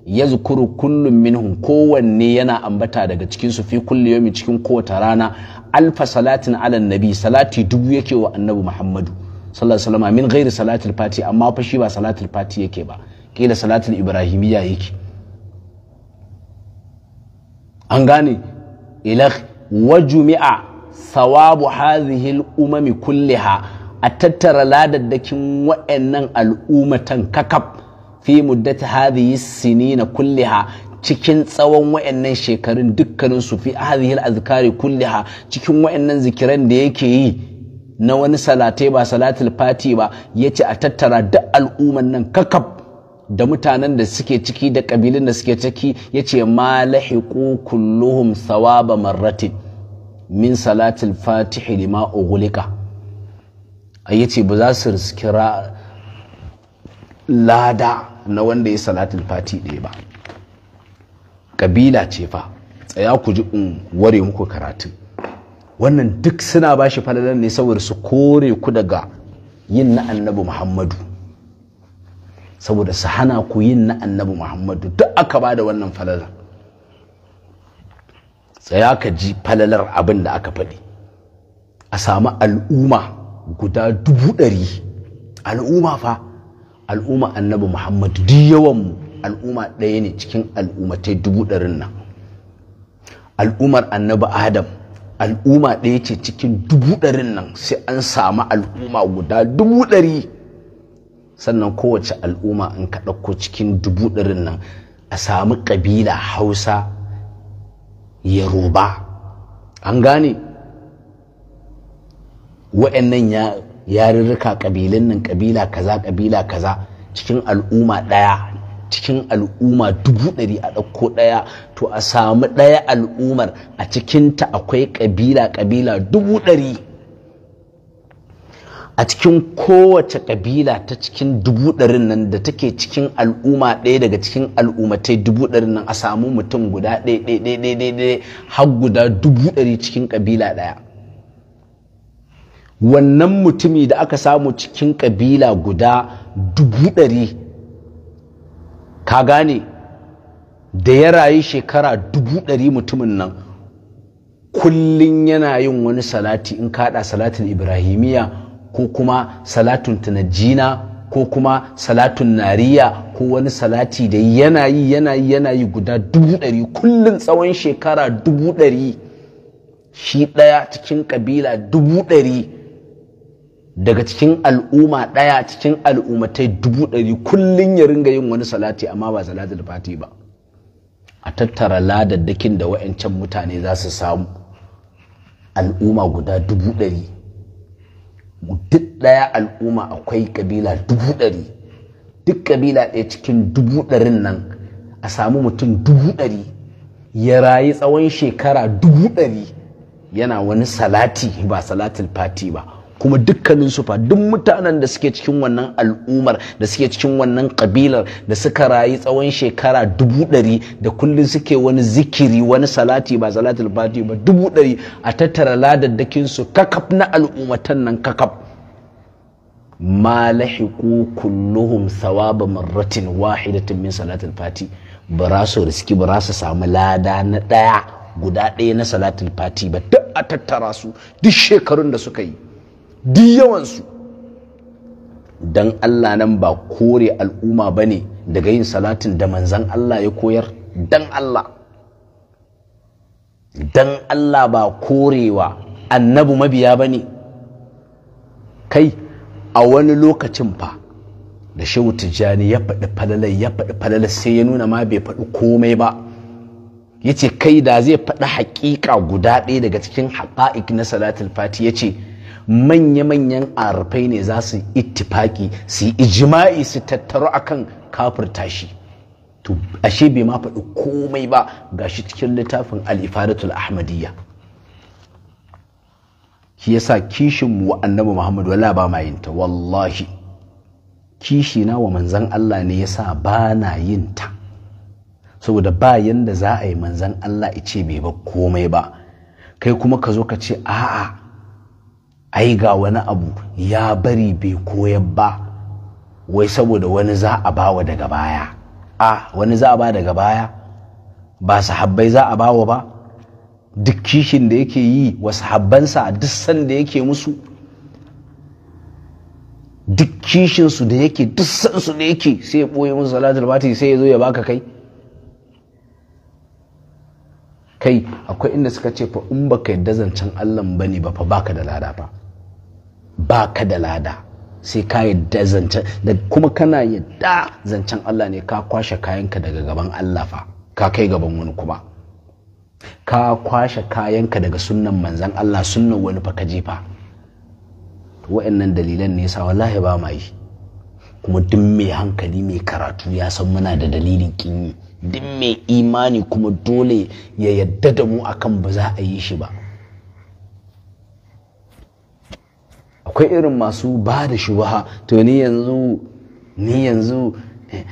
ya zukuru kullum minhum kowanne yana ambata daga cikinsu fi kulli yomi cikin kowace rana alfa salatin ala nabi salati dubu yake wa annabi muhammadu sallallahu alaihi wasallam min ghairi salatil fati amma fa shi ba salatil fati yake ba kila salatul ibrahimiyya yake an gane ilah wa sawabu hadhihi umami kulliha a tattara ladaddakin wa'annan al'ummatan kakab fi muddati hadhihi sinina kulliha cikin tsawon wa'annan shekarun dukkanin su fi hadhihi al-azkari kulliha cikin wa'annan zikiran da yake yi na wani salatai ba salatul fati ba yace a tattara duk al'umman nan kakab da mutanen da suke ciki da ƙabilun da suke ciki ya ce ma lahiqu kulluhum sawaba marratin min salatil fatihi lima ughliqa ya ce ba za su kira lada na wanda ya salatil fati ɗaya ba ƙabila ce fa tsaya ku ji in ware muku karatu wannan duk suna bashi shi ne saboda su kore ku daga yin na annabi muhammadu saboda su hana ku yin na annabi muhammadu duk aka ba da wannan falalar tsaya ka ji falalar abin da aka faɗi a sami al'umma guda dubu ɗari al'umma fa al'umma annabi muhammadu duk mu al'umma ɗaya ne cikin al'ummatai dubu ɗarin nan al'ummar annabi adam al'umma ɗaya ce cikin dubu ɗarin nan sai an sami al'umma guda dubu ɗari sannan kowace al'umma in ka ɗauko cikin dubu ɗarin nan a sami ƙabila hausa Yoruba. an gane wa'annan yarurruka ƙabilan nan ƙabila kaza ƙabila kaza cikin al'umma ɗaya cikin al'umma dubu ɗari a ɗauko ɗaya to a sami ɗaya al'ummar a cikinta akwai ƙabila ƙabila dubu ɗari a cikin kowace kabila ta cikin dubu ɗarin nan da take cikin al'umma ɗaya daga cikin al'ummatai dubu ɗarin nan a samu mutum guda ɗaya har guda dubu ɗari cikin kabila ɗaya wannan mutumi da aka samu cikin kabila guda dubu ɗari ka gane da ya rayu shekara dubu ɗari mutumin nan kullum yana yin wani salati in kaɗa salatin ibrahimiyya ko kuma salatun tunajina ko kuma salatun nariya ko wani salati da yanayi yi yana guda dubu ɗari kullum tsawon shekara dubu ɗari shi ɗaya cikin ƙabila dubu ɗari daga cikin al'umma ɗaya cikin al'ummatai dubu ɗari kullum ya ringa yin wani salati amma ba salatul fati ba a tattara ladaddakin da wa'ancan mutane za su samu al'umma guda dubu ɗari duk ɗaya al'umma akwai ƙabila dubu ɗari duk ƙabila ɗaya cikin dubu ɗarin nan a samu mutum dubu ɗari ya rayu tsawon shekara dubu ɗari yana wani salati ba salatul fati ba kuma dukkanin su fa duk mutanen da suke cikin wannan al'umar da suke cikin wannan kabilar da suka rayu tsawon shekara dubu ɗari da kullum suke wani zikiri wani salati ba salati fati ba dubu ɗari a tattara ladaddakin su kakaf na al'ummatan nan kakaf ma lahiqu kulluhum thawaba marratin wahidatin min salatul fati ba su riski ba su samu lada na ɗaya guda ɗaya na salatul fati ba duk a tattara su duk shekarun da suka yi duk yawansu don Allah nan ba kore al'umma ba ne daga yin salatin da manzan Allah ya koyar don Allah don Allah ba korewa annabu mabiya ba ne kai a wani lokacin fa da shehu tijjani ya faɗi falalar ya faɗi falalar sai ya nuna ma bai faɗi komai ba ya ce kai da zai faɗi haƙiƙa guda ɗaya daga cikin haɗa'ik na salatul fati ya ce manya-manyan arfai ne za su ittifaki su yi ijima'i su tattaro akan kafurta shi to ashe bai ma faɗi komai ba ga shi cikin littafin al-ifadatul ahmadiyya shi yasa kishin mu annabi Muhammadu wala ba ma wallahi kishi na wa manzan Allah ne yasa ba na yin ta saboda ba yanda za a yi manzan Allah ice bai ba komai ba kai kuma ka zo ka ce a'a ai ga wani abu ya bari bai koyar ba wai saboda wani za a bawa daga baya a wani za a ba daga baya ba sahabbai za a bawa ba duk kishin da yake yi wa sahabbansa duk san da yake musu duk kishinsu da yake duk san su da yake sai ya ɓoye musu salatul fatihi sai ya zo ya baka kai kai akwai inda suka ce fa in baka yadda zancen Allah ne ba fa baka da lada Ba baka da lada sai ka yadda zancen da kuma kana yadda zancen Allah ne ka kwashe kayanka daga gaban Allah fa ka kai gaban wani kuma ka kwashe kayanka daga sunnan manzan Allah sunnan wani fa ka fa. wa'annan dalilan ne yasa wallahi ba ma yi kuma duk mai hankali mai karatu ya san muna da dalilin kinyi duk mai imani kuma dole ya yadda da mu akan ba za a yi shi ba akwai irin masu ba da shubaha to ni yanzu ni yanzu eh,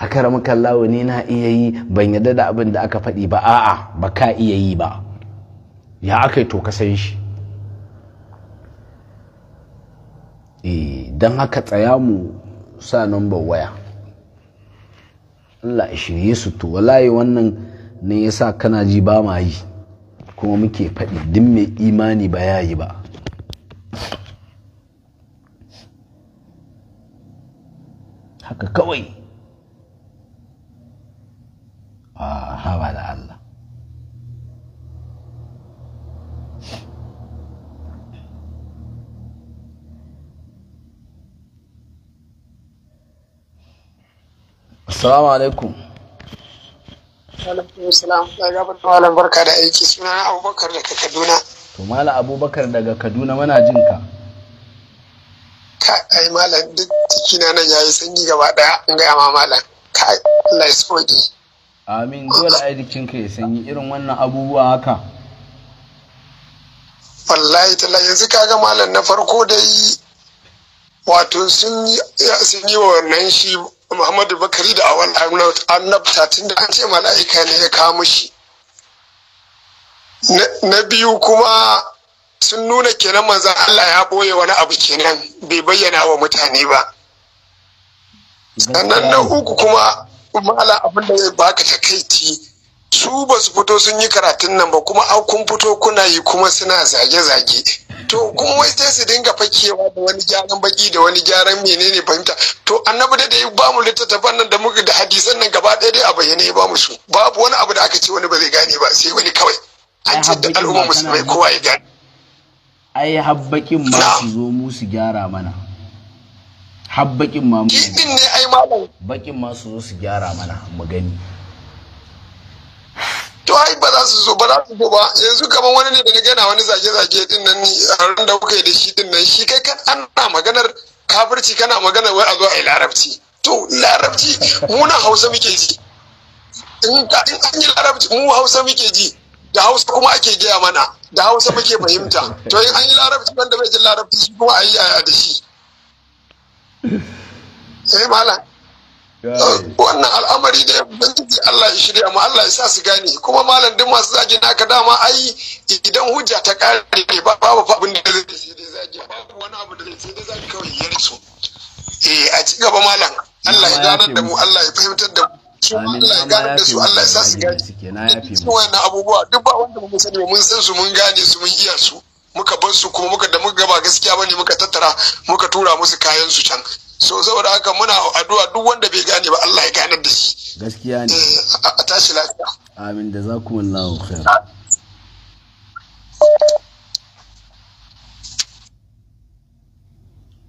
a karamin kallawa ni na iya yi ban yadda da abin da aka faɗi ba a'a ba ka iya yi ba ya aka yi to ka san shi eh, don haka tsaya mu sa number waya Allah ya shirye su to wallahi wannan ne yasa kana ji ba ma yi kuma muke faɗi duk mai imani ba ya yi ba haka kawai a ah, haba Allah Assalamu alaikum. Alaikum salam. Malam barka da aiki suna Abubakar daga Kaduna. To Malam Abubakar daga Kaduna muna jin ka. Kai malam duk cikina nan yayi sanyi gaba daya in ga ma malam. Kai Allah ya soki. Amin dole ai jikinka ya sanyi irin wannan abubuwa haka. Wallahi tala yanzu kaga malam na farko dai wato sun yi wa wannan shi muhammadu bakari da awal arnaut annabta tun da an ce mala'ika ne ya kawo shi na biyu kuma sun nuna kenan manzan allah ya ɓoye wani abu kenan bai bayyana wa mutane ba sannan na uku kuma mala abin da zai baka takaici su ba su fito sun yi karatun nan ba kuma an kun fito kuna yi kuma suna zage-zage to kuma wai sai su dinga fakewa da wani gyaran baki da wani gyaran menene fahimta to annabi da dai ba mu littattafan nan da muka da hadisan nan gaba ɗaya dai a bayyane ba mu su babu wani abu da aka ce wani ba zai gane ba sai wani kawai an ce da al'umma musulmai kowa ya gane ai habbakin ma su zo mu su gyara mana habbakin ma mu ne ai malam bakin ma su zo su gyara mana mu gani to ai ba za su so ba za su so ba yanzu kamar wani ne da na gana wani zage-zage din nan ni a da kuka yi da shi din nan shi kai kan ana maganar kafirci kana maganar wai a zo a yi larabci to larabci muna hausa muke ji in an yi larabci mu hausa muke ji da hausa kuma ake gaya mana da hausa muke fahimta to in an yi larabci wanda bai jin larabci shi kuma a yi yaya da shi sai eh, malam wannan al'amari da ubangiji Allah ya shirya mu Allah ya sa su gane kuma malam duk masu zagi naka dama ai idan hujja ta kare ba babu fa abin da zai sai dai zagi babu wani abu da sai dai zagi kawai ya su eh a ci gaba malam Allah ya ganar da mu Allah ya fahimtar da mu su Allah ya ganar da su Allah ya sa su gane su wannan abubuwa duk ba wanda mun sani mun san su mun gane su mun iya su muka bar su kuma muka da muka gaba gaskiya bane muka tattara muka tura musu kayan su can so saboda haka muna addu'a duk wanda bai gane ba Allah ya gane da shi gaskiya ne eh, a tashi lafiya amin da za ku zakumullahu khair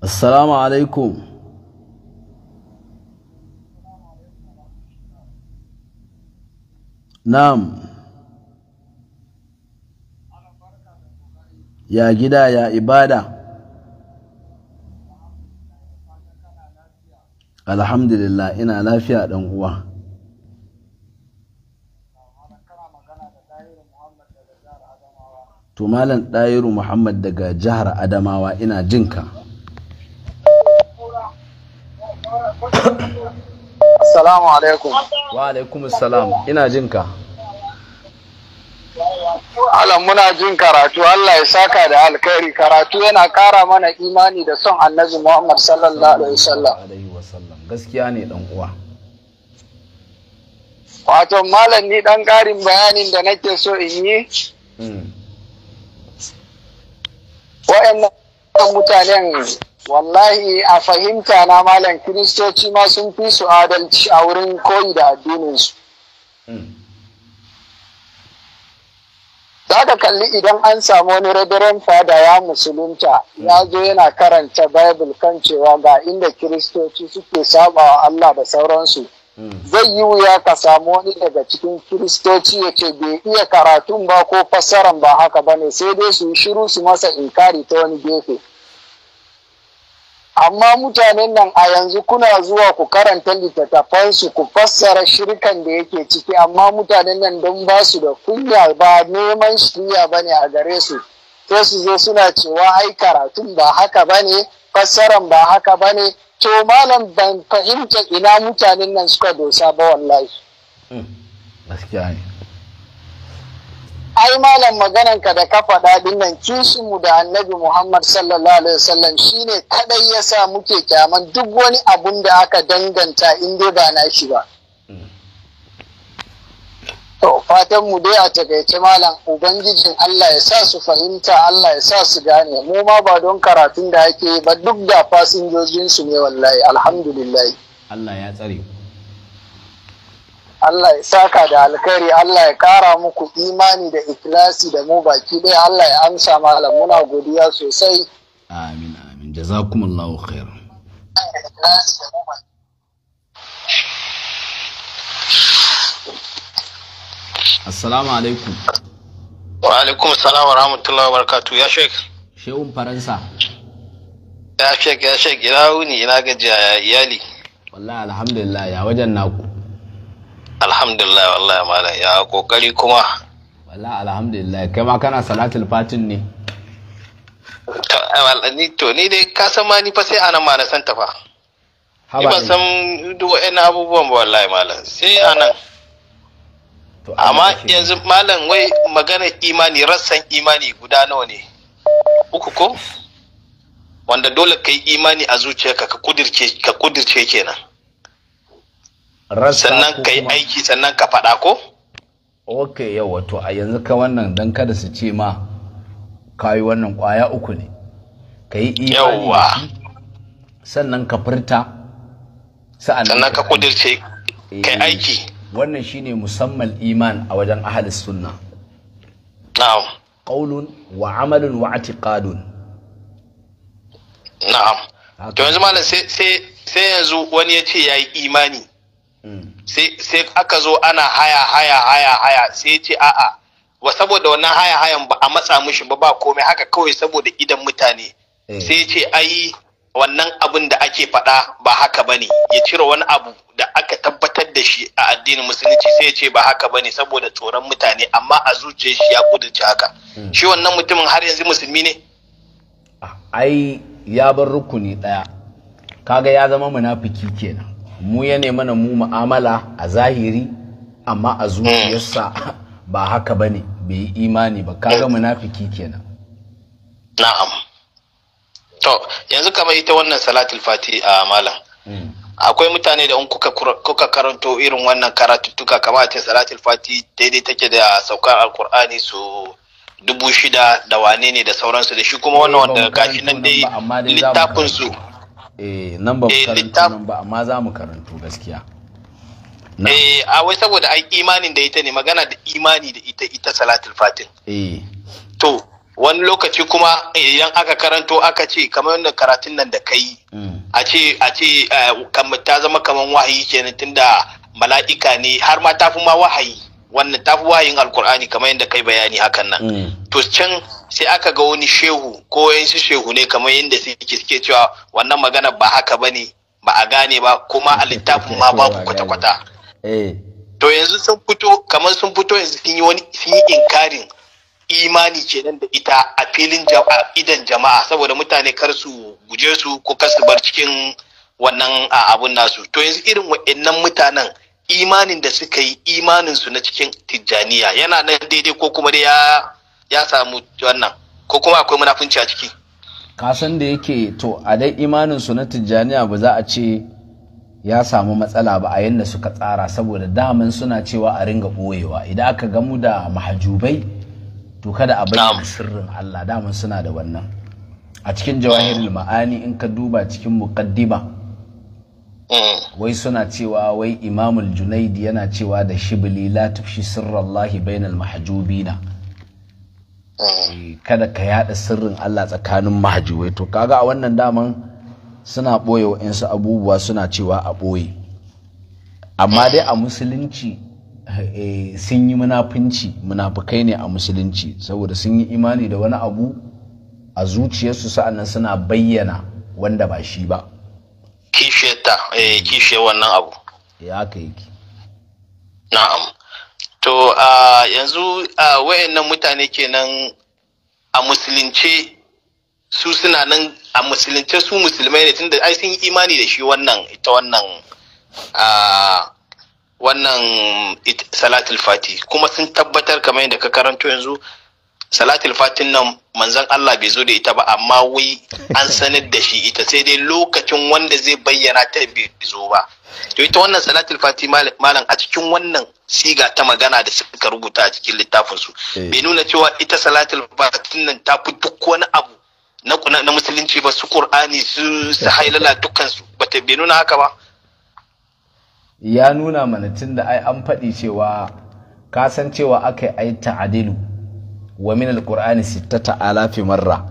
assalamu alaikum na'am ya gida ya ibada alhamdulillah ina lafiya dan uwa to malam ɗayiru muhammad daga jihar adamawa ina jinka assalamu alaikum wa alaikum assalam ina jinka alam muna jin karatu Allah ya saka da alkhairi karatu yana kara mana imani da son annabi Muhammad sallallahu alaihi wasallam gaskiya ne dan uwa wato malam ni dan ƙarin bayanin da nake so in yi hmm. wa'annan mutanen wallahi a fahimta na malam kiristoci ma sun fi su adalci a wurin koyi da addininsu. su hmm. za ka kalli idan an samu wani rabirin fada ya musulunta ya zo yana karanta bible kan cewa ga inda kiristoci suke saba wa Allah da sauransu hmm. zai yi wuya ka samu wani daga cikin kiristoci ya ce bai iya karatun ba ko fassaran ba haka ba ne sai dai su yi shiru su masa inkari ta wani gefe amma mutanen nan a yanzu kuna zuwa ku karanta littattafansu ku fassara shirkan da yake ciki amma mutanen nan don ba su da kunya ba neman shirya ba ne a gare su sai su zo suna cewa ai karatun ba haka ba ne fassaran ba haka ba ne to malam ban fahimta ina mutanen nan suka dosa ba wallahi hmm, ai malam maganan ka da ka faɗa nan kishin mu da annabi Muhammad sallallahu alaihi wasallam shine kadai yasa muke kyaman duk wani abun da aka danganta in dai ba na shi ba to fatan mu dai a takaice malam ubangijin Allah ya sa su fahimta Allah ya sa su gane mu ma ba don karatun da ake ba duk da fasinjojin su ne wallahi alhamdulillah Allah ya tsare ku Allah ya saka da alkhairi Allah ya kara muku imani da ikilasi da mu baki ɗaya Allah ya amsa malam muna godiya sosai amin amin jazakumullahu khair assalamu alaikum wa alaikum salam wa rahmatullahi wa barakatuh ya shek shehun faransa ya shek ya shek ina wuni ina gajiya ya iyali wallahi alhamdulillah ya wajen naku alhamdulillah wallahi malam ya kokari kuma wallahi alhamdulillah kai ma kana salatul fatin ne eh, to ni dai ka san ma ni fa sai anan ma na san ta fa ni ba san duk wa'annan abubuwan ba wallahi malam sai anan amma yanzu malam wai magana imani rassan imani guda nawa ne uku ko wanda dole kai imani a zuciyarka ka kudirce kenan sannan ka yi aiki sannan ka faɗa ko? ok yau wato a yanzu ka wannan don kada su ce ma ka yi wannan ƙwaya uku ne ka yi imani sannan ka furta sannan ka kudirce kai eh, aiki wannan shine musamman iman a wajen ahalis sunna na'am qaulun wa amalun wa i'tiqadun na'am to yanzu malam sai yanzu wani ya ce ya yi imani sai aka zo ana haya haya haya haya sai ce a'a wa saboda wannan haya hayan ba a matsa mushi ba ba komai haka kawai saboda idan mutane eh. sai ce ai wannan abin da ake faɗa ba haka bane ya cire wani abu da aka tabbatar da shi a addinin musulunci sai ya ce ba haka bane saboda tsoron mutane amma a zuciyar shi ya kudurci haka hmm. shi wannan mutumin har yanzu musulmi ne ah, ai ya bar rukuni daya kaga ya zama munafiki kenan mu ya nema mana mu mu'amala a zahiri amma a zuciyarsa ba haka bane bai yi imani ba kaga munafiki kenan na'am to yanzu kamar ita wannan salatul fati a malam hmm. akwai mutane da kuka kuka karanto irin wannan karatuttuka kamar ta salatul fati daidai take da saukar alkur'ani su dubu shida da wane ne da sauransu da shi kuma wannan wanda gashi nan dai littafin su Eh, nan ba mu eh, nan ba amma za mu karanto gaskiya eh a wai saboda ai imanin da ita ne magana da imani da ita ita salatul fatin eh to wani lokaci kuma eh, idan aka karanto aka ce kamar yadda karatun nan da kai mm. a ce a ce ta zama kamar wahayi kenan tunda mala'ika ne har ma tafi ma wahayi wannan tafi wahayin alkur'ani kamar yadda kai bayani hakan nan mm. to can sai aka ga wani shehu ko yansu shehu ne kamar yadda suke suke cewa wannan magana ba haka ba ne ba a gane ba kuma a littafin ma babu kwata-kwata eh. to yanzu sun fito kamar sun fito yanzu sun yi wani sun yi inkarin imani kenan da ita a filin idan jama'a saboda mutane kar su guje su ko kar su bar cikin wannan abun nasu to yanzu irin wa'annan mutanen imanin da suka yi imanin su na cikin tijjaniya yana nan daidai ko kuma da ya ya samu wannan ko kuma akwai munafunci a ciki kasan da yake to a dai imanin su na tijjaniya ba za a ce ya samu matsala ba a yadda suka tsara saboda daman suna cewa a ringa ɓoyewa idan aka gamu da mahajubai to kada a bayyana sirrin Allah daman suna da wannan a cikin jawahirul ma'ani in ka duba cikin muqaddima mm. wai suna cewa wai imamul junaidi yana cewa da shibli la tufshi sirrallahi bainal mahjubina Eh. Eh, kada ka yada sirrin Allah tsakanin mahajiwai to kaga a wannan daman suna ɓoye wa'insu abubuwa suna cewa a ɓoye amma dai a musulunci eh, sun yi munafunci munafukai ne a musulunci saboda sun yi imani da wani abu a zuciyarsu sa'annan suna bayyana wanda ba shi ba kishe ta kishe wannan abu ya ka yi na'am To uh, yanzu uh, wayannan mutane kenan a musulunce su suna nan a musulunce su musulmai ne tunda ai sun yi imani da shi wannan ita wannan wannan salatul fati kuma sun tabbatar kamar yadda ka karanto yanzu salatul fatin nan manzon Allah bai zo da ita ba amma wai an sanar da shi ita sai dai lokacin wanda zai bayyana ta bai zo ba to ita wannan salatul fati malam a cikin wannan siga ta magana da suka rubuta a cikin littafin su eh. bai nuna cewa ita salatul fatin nan ta fi duk wani abu na na musulunci ba su qur'ani su sahailala dukkan su bata bai nuna haka ba ya nuna mana tunda ai an faɗi cewa ka san cewa aka yi ta'adilu wa min alqur'ani sittata alafi marra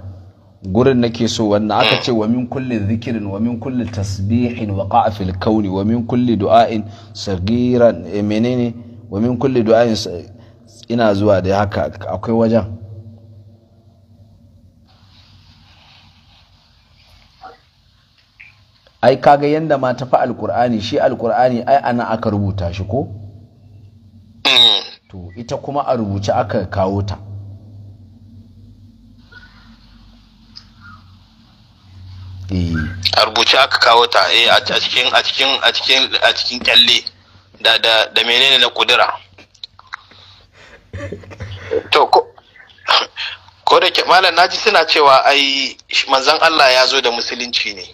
gurin nake so wannan aka ce wa min kulli dhikrin wa min kulli tasbihin wa qa'fil kauni wa min kulli du'ain sagiran eh, menene wa min kulli du'ain ina zuwa da haka akwai wajen ai kaga yanda ma tafi alqur'ani shi alqur'ani ai ana aka rubuta shi ko mm. to ita kuma a rubuce aka kawo ta Eh. a rubuce aka kawo ta eh, a cikin a cikin a cikin a cikin kyalle da da da menene na kudura to ko ko da ke malam naji suna cewa ai manzon Allah ya zo da musulunci ne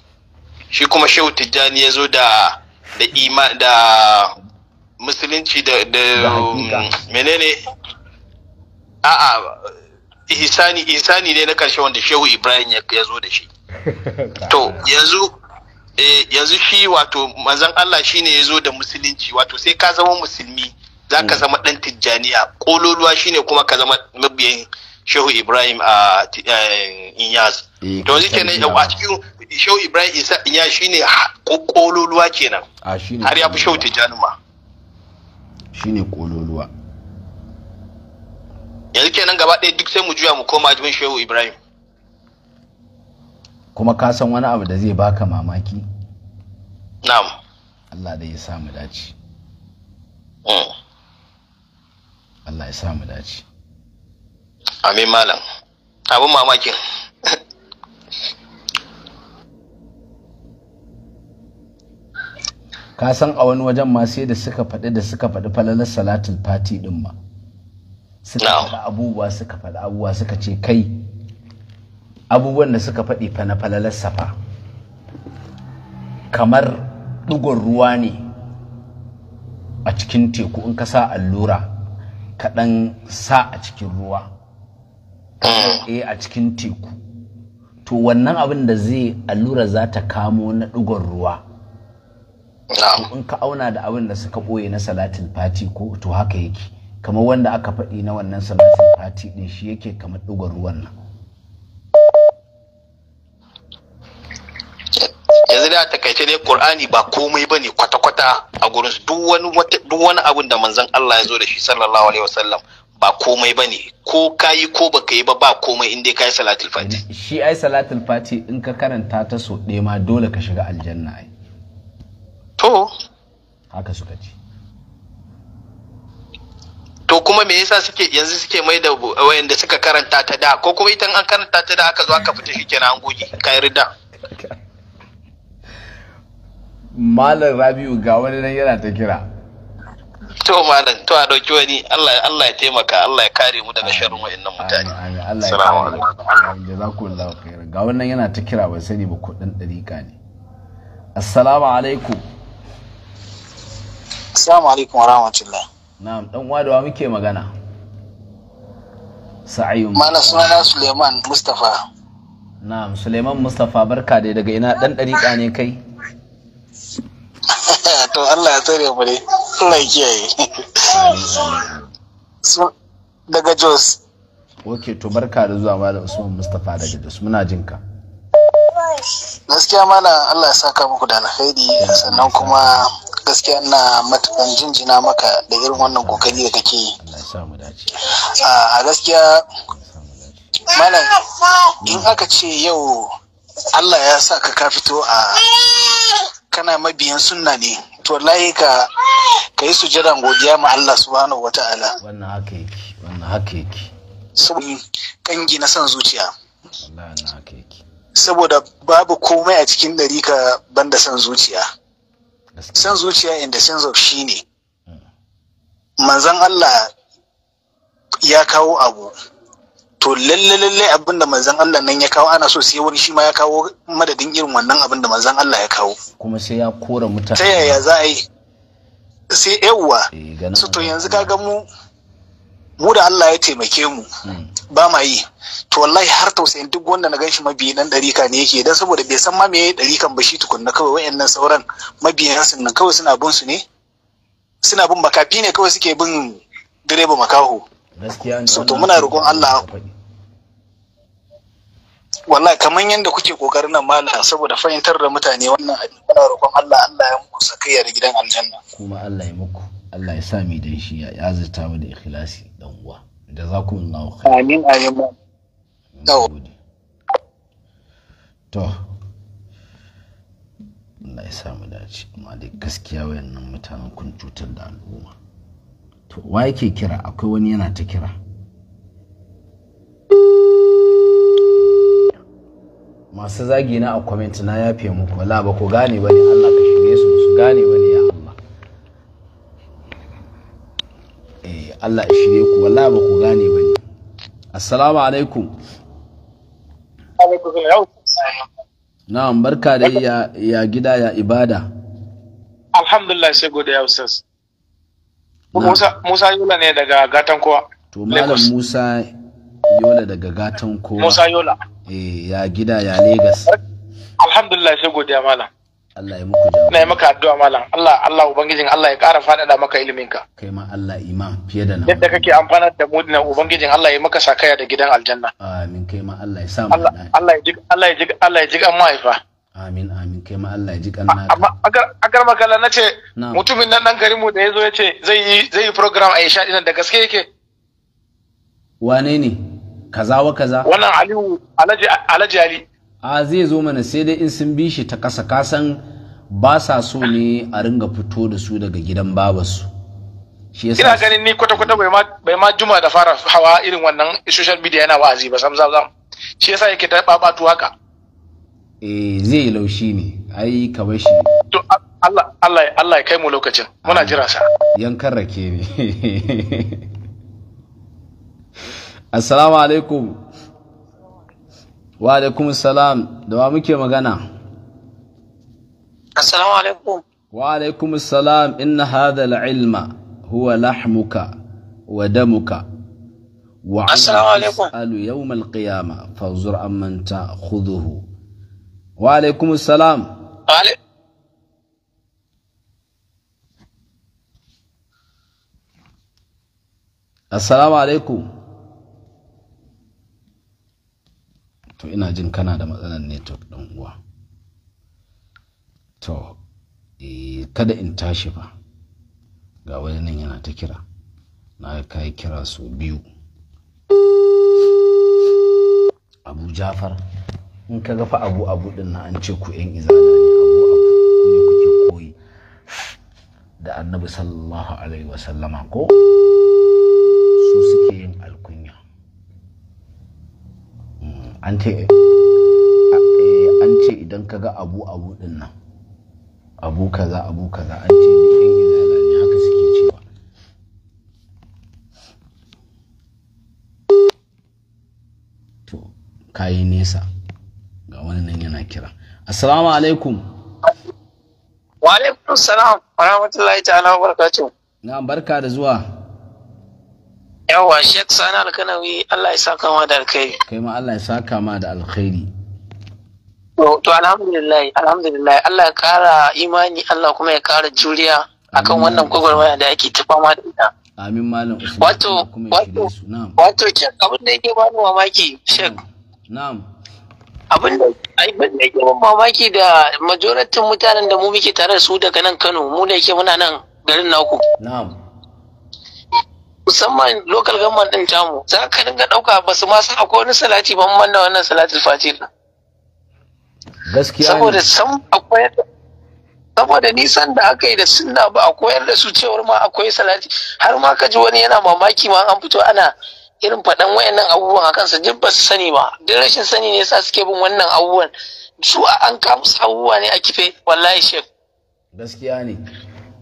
shi kuma shehu tijjani ya zo da da ima da musulunci da da menene a'a ihsani ihsani ne na karshe wanda shehu ibrahim ya zo da shi to yanzu eh yanzu shi wato manzon Allah shine ya zo da musulunci wato sai ka zama musulmi za ka mm. zama ɗan tijjaniya ƙololuwa shine kuma ka zama mabiyin shehu ibrahim a eh, inyaz eh, to yanzu kenan a cikin shehu ibrahim isa inyaz shine ƙololuwa kenan har ya fi shehu tijjani ma shine ƙololuwa yanzu kenan gaba ɗaya duk sai mu juya mu koma jibin shehu ibrahim kuma ka san wani abu da zai baka mamaki na'am Allah da ya samu dace mm. Allah ya samu dace amin malam abin mamakin ka san a wani wajen ma sai da suka faɗi da suka faɗi falalar salatul fati ɗin ma suka faɗi abubuwa suka faɗi abubuwa suka ce kai abubuwan da suka faɗi fa na falalar safa kamar ɗigon ruwa ne a cikin teku in ka sa allura ka sa a cikin ruwa eh a cikin teku to wannan abin da zai allura za ta kamo na ɗigon ruwa in ka auna da abin da suka ɓoye na salatin fati ko to haka yake kamar wanda aka faɗi na wannan salatin fati ɗin shi yake kamar ɗigon ruwan nan Da a takaice ne Qur'ani ba komai bane kwata-kwata a gurin su duk wani duk wani abin da manzon Allah ya zo da shi sallallahu alaihi wasallam ba komai bane ko kayi ko baka yi ba ba komai in dai yi salatul fati shi ai salatul fati in ka karanta ta so ɗaya ma dole ka shiga aljanna ai to haka suka ce to kuma me yasa suke yanzu suke mai da wayanda suka karanta ta da ko kuma idan an karanta ta da aka zo aka fita kenan an goge kai ridda. malam rabiu ga wani nan yana ta kira to malam to a dauki wani Allah ya taimaka Allah ya kare mu daga sharrin wayannan mutane Allah assalamu alaikum jazakumullahu khairan ga wani nan yana ta kira ba sani ba kudin dariƙa ne assalamu alaikum assalamu alaikum wa rahmatullah na'am dan wadawa muke magana sa'ayun mana sunana Suleiman Mustafa na'am Suleiman Mustafa barka dai daga ina dan dariƙa ne kai to Allah ya tsare mu dai Allah ya kiyaye daga Jos ok to barka da zuwa malam Usman Mustapha daga Jos muna jin ka gaskiya malam Allah ya saka muku da alkhairi sannan kuma gaskiya ina matukan jinjina maka da irin wannan kokari da kake yi a gaskiya malam in aka ce yau Allah ya sa ka ka fito a kana mabiyan sunna ne to layi ka ka kai sujadan godiya ma Allah subhanahu wataala wannan haka yake wannan haka yake sun kangi na san zuciya wallahi haka yake saboda babu komai a cikin dari ka banda san zuciya san zuciya in the sense of shine hmm. manzon Allah ya kawo abu to lalle lalle abin da manzan Allah nan ya kawo ana so sai wani shi ma ya kawo madadin irin wannan abin da manzan Allah ya kawo kuma sai ya kora mutane ta yaya za a yi sai yawwa eh, su to yanzu kaga mu mu da Allah ya taimake mu hmm. ba ma yi to wallahi har tausayin duk wanda na ganshi mabiyin nan ɗarika ne yake dan saboda bai san ma me ɗarikan ba shi tukunna kawai wayannan sauran mabiyan sun nan kawai suna bin su ne suna bin makafi ne kawai suke bin direba makaho so to muna roƙon Allah wallahi kamar yadda kuke kokarin nan malam saboda fahimtar da mutane wannan abin muna roƙon Allah Allah ya muku sakayya da gidan aljanna kuma Allah ya muku Allah ya sa mu dan shi ya azurta mu da ikhlasi dan uwa jazakumullahu khair amin amin to Allah ya sa mu dace amma dai gaskiya wayannan mutanen kun cutar da al'umma to wa yake kira akwai wani yana ta kira masu zagi na a comment na yafe muku wala ba ku gane bane Allah ka shige su su gane bane ya Allah eh Allah ya shige ku wala ba ku gane bane assalamu alaikum na'am barka da ya ya gida ya ibada alhamdulillah sai godiya ustaz Musa Musa Yola ne daga Gatan Kowa to malam Musa Yola daga Gatan Kowa Musa Yola Eh, ya gida ya Legas. Alhamdulillah sai godiya malam. Allah ya muku jagora. Ina yi maka addu'a malam. Allah Allah ubangijin Allah ya ƙara faɗaɗa maka ilimin ka. Kai ma Allah imam fiye da nan. Yadda kake amfanar da mu na ubangijin Allah ya maka sakaya da gidan aljanna. Amin kai ma Allah ya sa mu. Allah ya ji Allah ya ji Allah ya ji kan mahaifa. Amin amin kai ma Allah ya ji kan naka. Amma agar makala nace mutumin nan dan mu da yazo yace zai yi zai yi program a Isha da gaske yake. Wane ne? kaza wa kaza wannan aliyu alhaji ali a zai zo mana sai dai in sun bi shi ta kasa kasan ba sa so ne a ringa fito da su daga gidan babarsu shi yasa ina ganin ni kwata kwata bai ma bai ma juma da fara hawa irin wannan social media yana wa'azi ba sam sam sam shi yasa yake ta babatu haka eh zai yi laushi ne ai ka bar shi to Allah Allah Allah ya kai mu lokacin muna jira sa yankan rake ne assalamu alaikum wa alaikum salam da wa muke magana assalamu alaikum wa alaikum salam inna hadha al-ilma huwa lahmuka wa damuka wa assalamu alaikum alu yawm al-qiyama amman ta'khudhuhu wa alaikum salam Assalamu alaikum. to ina jin kana da matsalar network ɗin uwa to e, kada in tashi ba ga wani nan yana ta kira na kai kira su biyu abu jafar in ka gafa abu abu din na an ce ku yan izala ne abu ku kuke koyi da annabi sallallahu alaihi wasallama ko su suke yin alkuyi Eh, an ce idan ka ga abu abu din nan abu kaza abu kaza an ce duk yan gidana ne haka suke cewa to kayi nesa ga wani nan yana kira assalamu alaikum wa alaikum salam wa rahmatullahi ta'ala wa barakatuh na barka da zuwa yawa shek sani alkanawi allah ya saka ma da alkhairi kai ma allah ya saka ma da alkhairi to alhamdulillah alhamdulillah allah ya kara imani allah kuma ya kara juriya akan wannan gwagwarmaya da ake ta ma da ita amin malam usman wato wato wato ce abin da yake bani mamaki shek na'am abin da ban da yake bani mamaki da majoratin mutanen da mu muke tare da su daga nan Kano mu da yake muna nan garin naku na'am musamman local government din tamu za ka dinga dauka ba su ma san akwai wani salati ban man da wannan salatul fatir gaskiya saboda san akwai saboda nisan da aka yi da sunna ba a koyar da su cewar ma akwai salati har ma ka ji wani yana mamaki ma an fito ana irin faɗan wayannan abubuwan a kansa duk ba su sani ba duk rashin sani ne yasa suke bin wannan abubuwan su an kawo su abubuwa ne a kife wallahi shek gaskiya ne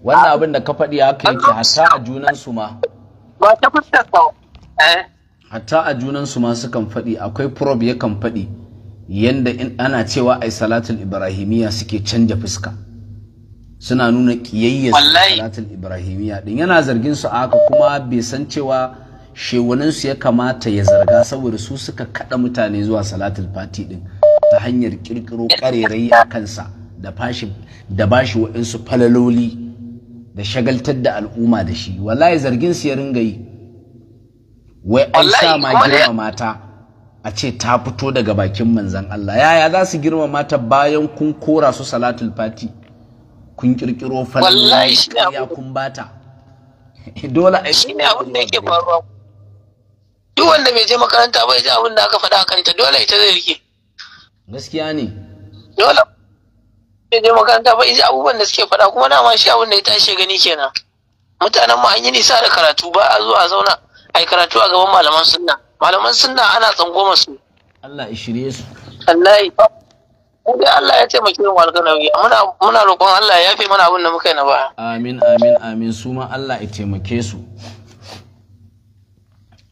wannan abin da ka faɗi haka yake hasa a junan su ma ba ta fuskar ba eh. hatta a junansu ma kan faɗi akwai prob yakan faɗi yanda in ana cewa ai salatul ibrahimiya suke canja fuska suna nuna kiyayya salatul ibrahimiya din yana zargin su aka, kuma bai san cewa shewanin su ya kamata ya zarga saboda su suka kaɗa mutane zuwa salatul fati din ta hanyar ƙirƙiro ƙarerai a kansa da bashi da bashi waɗansu falaloli da shagaltar da al'umma da shi wallahi zargin su ya ringa yi wai an sa ma girma mata a ce ta fito daga bakin manzan Allah yaya za su girma mata bayan kun kora su salatul fati kun kirkiro falalai ya kun bata dole a shi ne abin da yake faruwa duk wanda bai je makaranta bai ji abin da aka faɗa kanta dole ita zai rike gaskiya ne dole bai je makaranta ba izi abubuwan da suke faɗa kuma dama shi abin da ya tashi gani kenan mutanen mu an yi nisa da karatu ba a zuwa zauna a yi karatu a gaban malaman sunna malaman sunna ana tsangoma su Allah ya shirye su wallahi dai Allah ya taimake mu alkanawi muna muna roƙon Allah ya yafe mana abin da muka yi na baya amin amin amin su ma Allah ya taimake su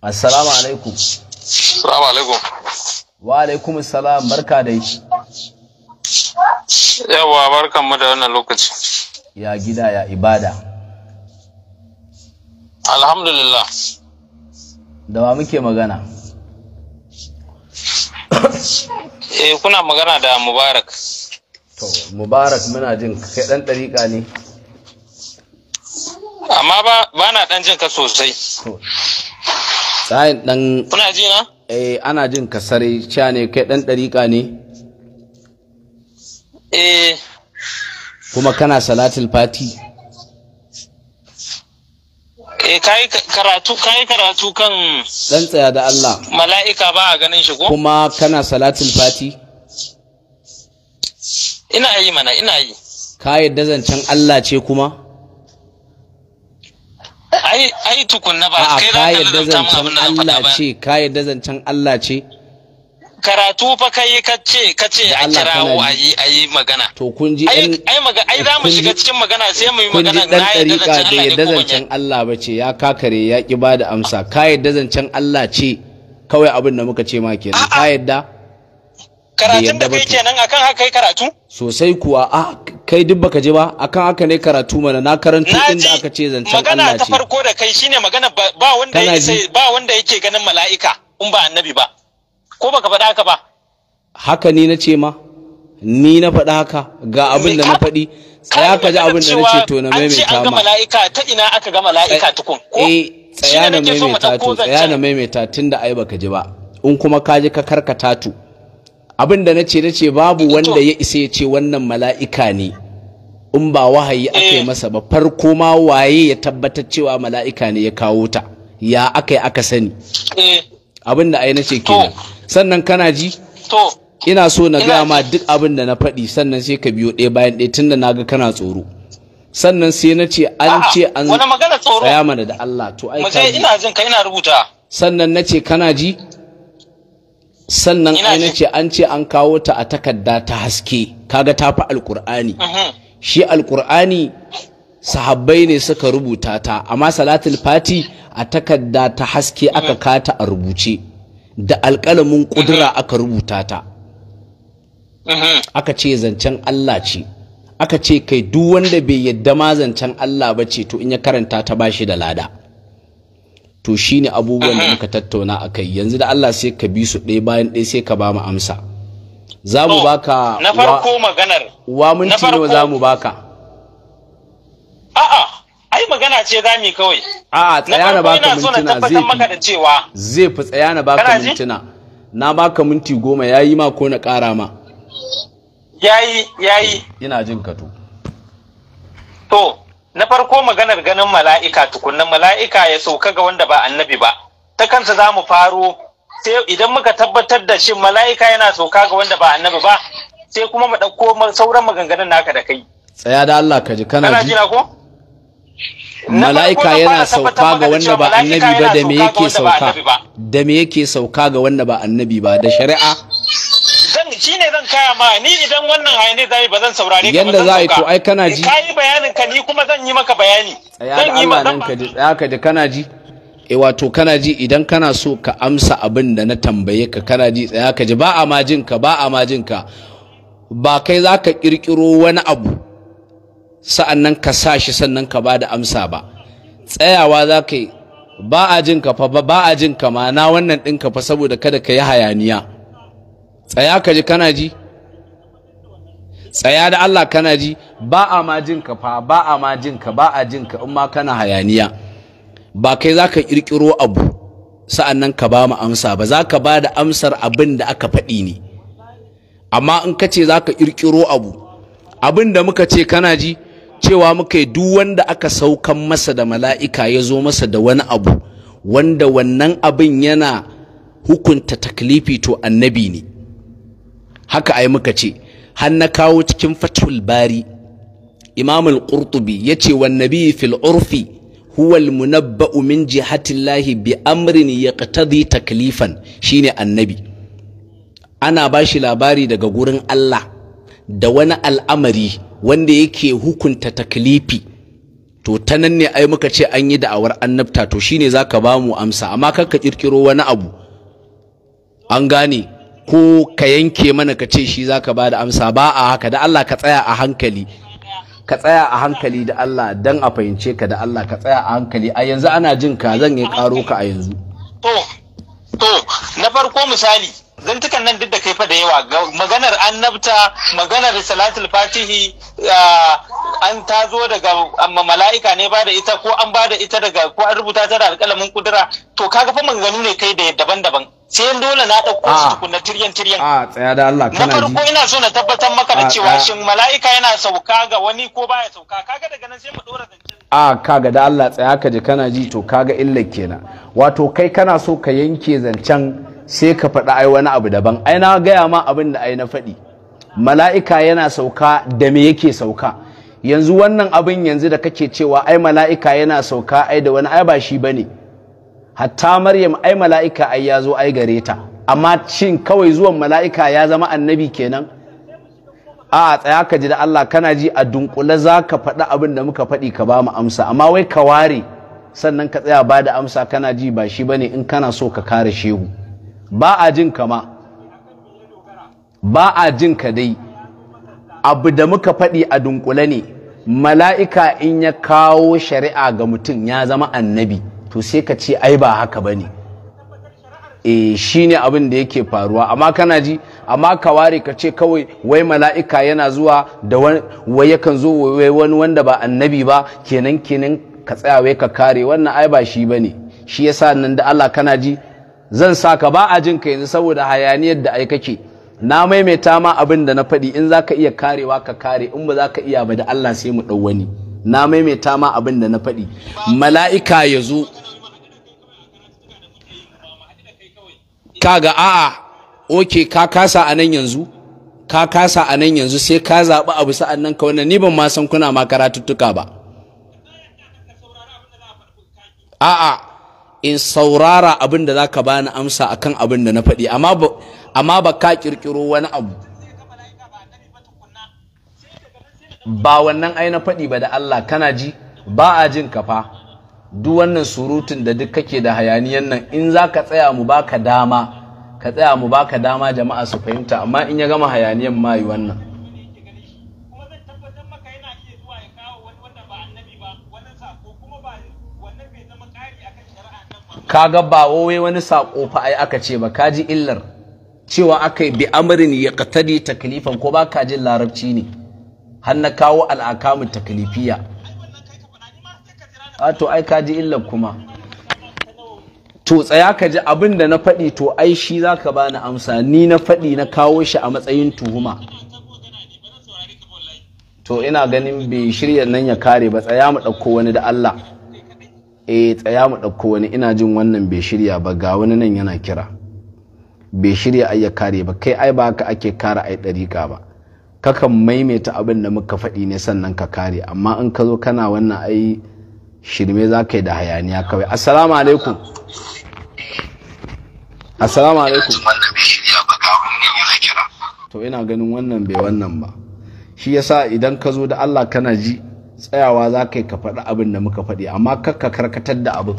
assalamu alaikum assalamu alaikum wa alaikum assalam barka dai Yawa barkan mu da wannan lokaci. Ya gida ya ibada. Alhamdulillah. Da wa muke magana? eh kuna magana da Mubarak. To, Mubarak muna jin kai ɗan ɗariƙa ne. Amma ba na ɗan jin ka sosai. sai ɗan. Kuna ji na? Eh ana jin ka sare, ne kai ɗan ɗariƙa ne. eh kuma kana salatul fati eh kai karatu kai karatu kan dan tsaya da Allah mala'ika ba a ganin shi ko kuma kana salatul fati ina yi mana ina yi ka yadda zancen Allah ce kuma ai ai tukunna ba kai da ka Allah ce ka yadda zancen Allah ce karatu fa kai kace kace a kirawo ayi ayi magana to kun ji ai magana ai za mu shiga cikin magana sai mu yi magana na yadda da yadda zancen Allah bace ya kakare ya ki bada amsa ka yadda zancen Allah ce kawai abin da muka ce ma kenan ka yadda karatun da kai kenan akan haka kai karatu sosai kuwa a kai duk baka je ba akan haka ne karatu mana na karantu inda aka ce zancen Allah ce magana ta farko da kai shine magana ba wanda yake ba wanda yake ganin mala'ika in ba annabi ba ko baka faɗa haka ba haka ni na ce ma ni na faɗa haka ga abin da na faɗi tsaya ka ji abin da na ce to na maimaita ma ta ina aka ga mala'ika eh, tukun eh tsaya na maimaita to tsaya na maimaita tunda ai baka ji ba in kuma ka ji ka karkata to abin da na ce na ce babu wanda ya isa ya ce wannan mala'ika ne in ba wahayi aka yi eh. masa ba farko ma waye ya tabbatar cewa mala'ika ne ya kawo ta ya aka yi aka sani eh. abin da ai na ce kenan sannan kana ji to ina so na gaya ma duk abin da na faɗi sannan sai ka biyo ɗaya bayan ɗaya tunda na ga kana tsoro sannan sai na ce an ce an wani magana tsoro ya mana da Allah to ai ka ina jin ka ina rubuta sannan na ce kana ji sannan ai na ce an ce an kawo ta a takarda ta haske kaga ta fi alkur'ani mhm. shi alkur'ani sahabbai ne suka rubuta ta amma salatul fati a takarda ta haske aka mhm. kata a rubuce da alƙalamin ƙudura mhm. aka rubuta ta mhm. aka ce zancen Allah ce aka ce kai duk wanda bai yadda ma zancen Allah ba ce to in ya karanta ta ba shi da lada to shi ne abubuwan da mhm. muka tattauna a kai yanzu da Allah sai ka bi su ɗaya bayan ɗaya sai ka ba mu amsa za baka na farko maganar wa minti ne za mu baka a'a ai magana ce za mu kawai A tsaya na baka mintuna zai zai fi tsaya na baka mintuna na baka minti goma yayi ma ko na ƙara ma Ya yi. ina jin ka to to na farko maganar ganin mala'ika tukunan mala'ika ya sauka ga wanda ba annabi ba ta kansa za mu faro sai idan muka tabbatar da shin mala'ika yana sauka ga wanda ba annabi ba sai kuma mu ɗauko sauran maganganun naka da kai tsaya da Allah ka ji kana ji ko mala'ika yana sauka ga wanda ba annabi ba da me yake sauka da me yake sauka ga wanda ba annabi ba da shari'a zan ne zan kaya ma ni idan wannan hayani zai ba zan saurare ka yanda za to ai kana eh, ji kai bayanin ka ni kuma zan yi maka bayani zan yi maka ka ji ka da kana ji Eh wato kana ji idan kana so ka amsa abin da na tambaye ka kana ji tsaya ka ji ba a majin ka ba a majin ka ba kai za ka kirkiro wani abu sa'annan ka sa shi sannan ka ba da amsa ba tsayawa za ka yi ba a jin ka fa ba a jin ka ma na wannan ɗin ka fa saboda kada ka yi hayaniya tsaya ka ji kana ji tsaya da Allah kana ji ba a ma jin ka fa ba a ma jin ka ba a jin ka in ma kana hayaniya ba kai za ka ƙirƙiro abu sa'annan ka ba mu amsa ba za ka ba da amsar abin da aka faɗi ne amma in ka ce za ka ƙirƙiro abu abin da muka ce kana ji cewa muka yi duk wanda aka saukan masa da mala'ika ya zo masa da wani abu wanda wannan abin yana hukunta taklifi to annabi ne haka ai muka ce har na kawo cikin fatul bari imam al-qurtubi yace wan nabi fil urfi huwa al-munabba'u min jihati llahi bi amrin yaqtadi taklifan shine annabi ana bashi labari daga gurin Allah da wani al'amari wanda yake hukunta taklifi to ta nan ne ai muka ce an yi da'awar annabta to shine zaka ba mu amsa amma kar ka kirkiro wani abu an gane ko ka yanke mana ka ce shi zaka ba da amsa ba a haka da Allah ka tsaya a hankali ka tsaya a hankali da Allah dan a fahimce ka da Allah ka tsaya a hankali a yanzu ana jin ka zan yi karo ka a yanzu to to na farko misali zantukan nan duk da kai fa da yawa maganar annabta maganar salatul fatihi an ta zo daga amma mala'ika ne ba da ita ko an ba da ita daga ko an rubuta ta da alƙalamin kudura to kaga fa maganganu ne kai da daban-daban sai dole na ɗauko su ah. tukunna tiryan tiryan a ah, tsaya da Allah kana na farko ina so na tabbatar maka da ah, cewa shin mala'ika yana sauka ga wani ko baya sauka kaga daga nan sai mu dora zancen a kaga da Allah tsaya ka ji kana ji to kaga illar kenan wato kai kana so ka yanke zancen sai ka faɗa ai wani abu daban ai na gaya ma abin da ai na faɗi mala'ika yana sauka da me yake sauka yanzu wannan abin yanzu da kake cewa ai mala'ika yana sauka ai da wani ai ba shi bane hatta maryam ai mala'ika ai ya zo ai gare ta amma shin kawai zuwan mala'ika ya zama annabi kenan a tsaya ka ji da Allah kana ji a dunkule za ka faɗi abin da muka faɗi ka ba mu amsa amma wai ka ware sannan ka tsaya ba da amsa kana ji ba shi bane in kana so ka kare shehu ba a jin kama ba a jin ka dai abu da muka faɗi a dunkule ne mala'ika in ya kawo shari'a ga mutum ya zama annabi to sai ka ce ai ba haka ba ne e shi ne abin da yake faruwa amma kana ji amma ka ware ka ce kawai wai mala'ika yana zuwa da wai yakan zo wai wani wanda ba annabi ba kenan kenan ka tsaya wai ka kare wannan ai ba shi ba ne shi yasa nan da Allah kana ji zan sa ka ba a jin ka yanzu saboda hayaniyar da ai kake na maimaita ma abin da na faɗi in za ka iya karewa ka kare in ba za ka iya ba da Allah sai mu ɗau wani na maimaita ma abin da na faɗi mala'ika ya zo kaga a'a oke ka kasa a nan yanzu ka kasa a nan yanzu sai ka zaɓi abu sa'an nan ka wannan ni ban ma san kuna ma karatuttuka ba a'a in saurara abin da za ka bani amsa a kan abin da na faɗi amma ba ka ƙirƙiro wani abu ba wannan ai na faɗi ba da Allah kana ji ba a jin kafa duk wannan surutun da duk kake da hayaniyan nan in za ka tsaya mu baka dama ka tsaya mu baka dama jama'a su fahimta amma in ya gama hayaniyan mayu wannan kaga ba wai wani sako fa ai aka ce ba kaji illar cewa aka bi amrin ya qatadi taklifan ko ba ka jin larabci ne har na kawo al'akamu taklifiya a to ai kaji illar kuma to tsaya ka ji abin da na faɗi to ai shi za ka bani amsa ni na faɗi na kawo shi a matsayin tuhuma to ina ganin bai shirya nan ya kare ba tsaya mu ɗauko wani da Allah eh tsaya mu ɗauko wani ina jin wannan bai shirya ba ga wani nan yana kira bai shirya ai ya kare ba kai ai ba haka ake kare ai ɗariƙa ba kakan maimaita abin da muka faɗi ne sannan ka kare amma in ka zo kana wannan ai shirme za ka yi da hayaniya kawai assalamu alaikum assalamu alaikum to ina ganin wannan bai wannan ba shi yasa idan ka zo da allah kana ji tsayawa za ka yi ka faɗi abin da muka faɗi amma kakka karkatar da abin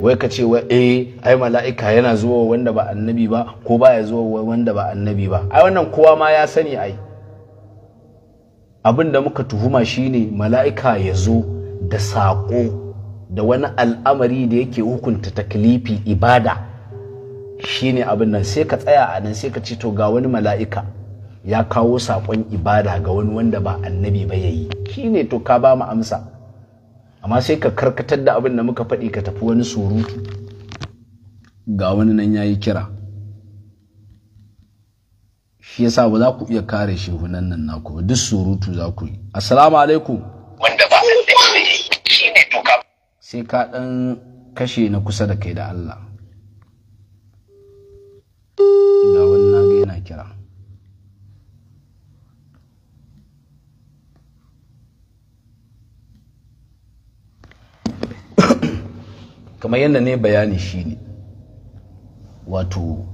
wai ka ce wa eh ai mala'ika yana zuwa wanda ba annabi ba ko ba ya zuwa wanda ba annabi ba ai wannan kowa ma ya sani ai abin da muka tuhuma shine mala'ika ya zo da saƙo da wani al'amari da yake hukunta taklifi ibada shine abin nan sai ka tsaya a nan sai ka ce to ga wani mala'ika ya kawo saƙon ibada ga wani wanda ba annabi ba ya yi shi ne to ka ba mu amsa amma sai ka karkatar da abin da muka faɗi ka tafi wani surutu ga wani nan ya yi kira shi yasa ba za ku iya kare shi hunan nan naku ba duk surutu za ku yi assalamu alaikum wanda ba shi ne to ka sai ka ɗan kashe na kusa da kai da Allah ga wani na yana kira kamar yadda ne bayani shi ne wato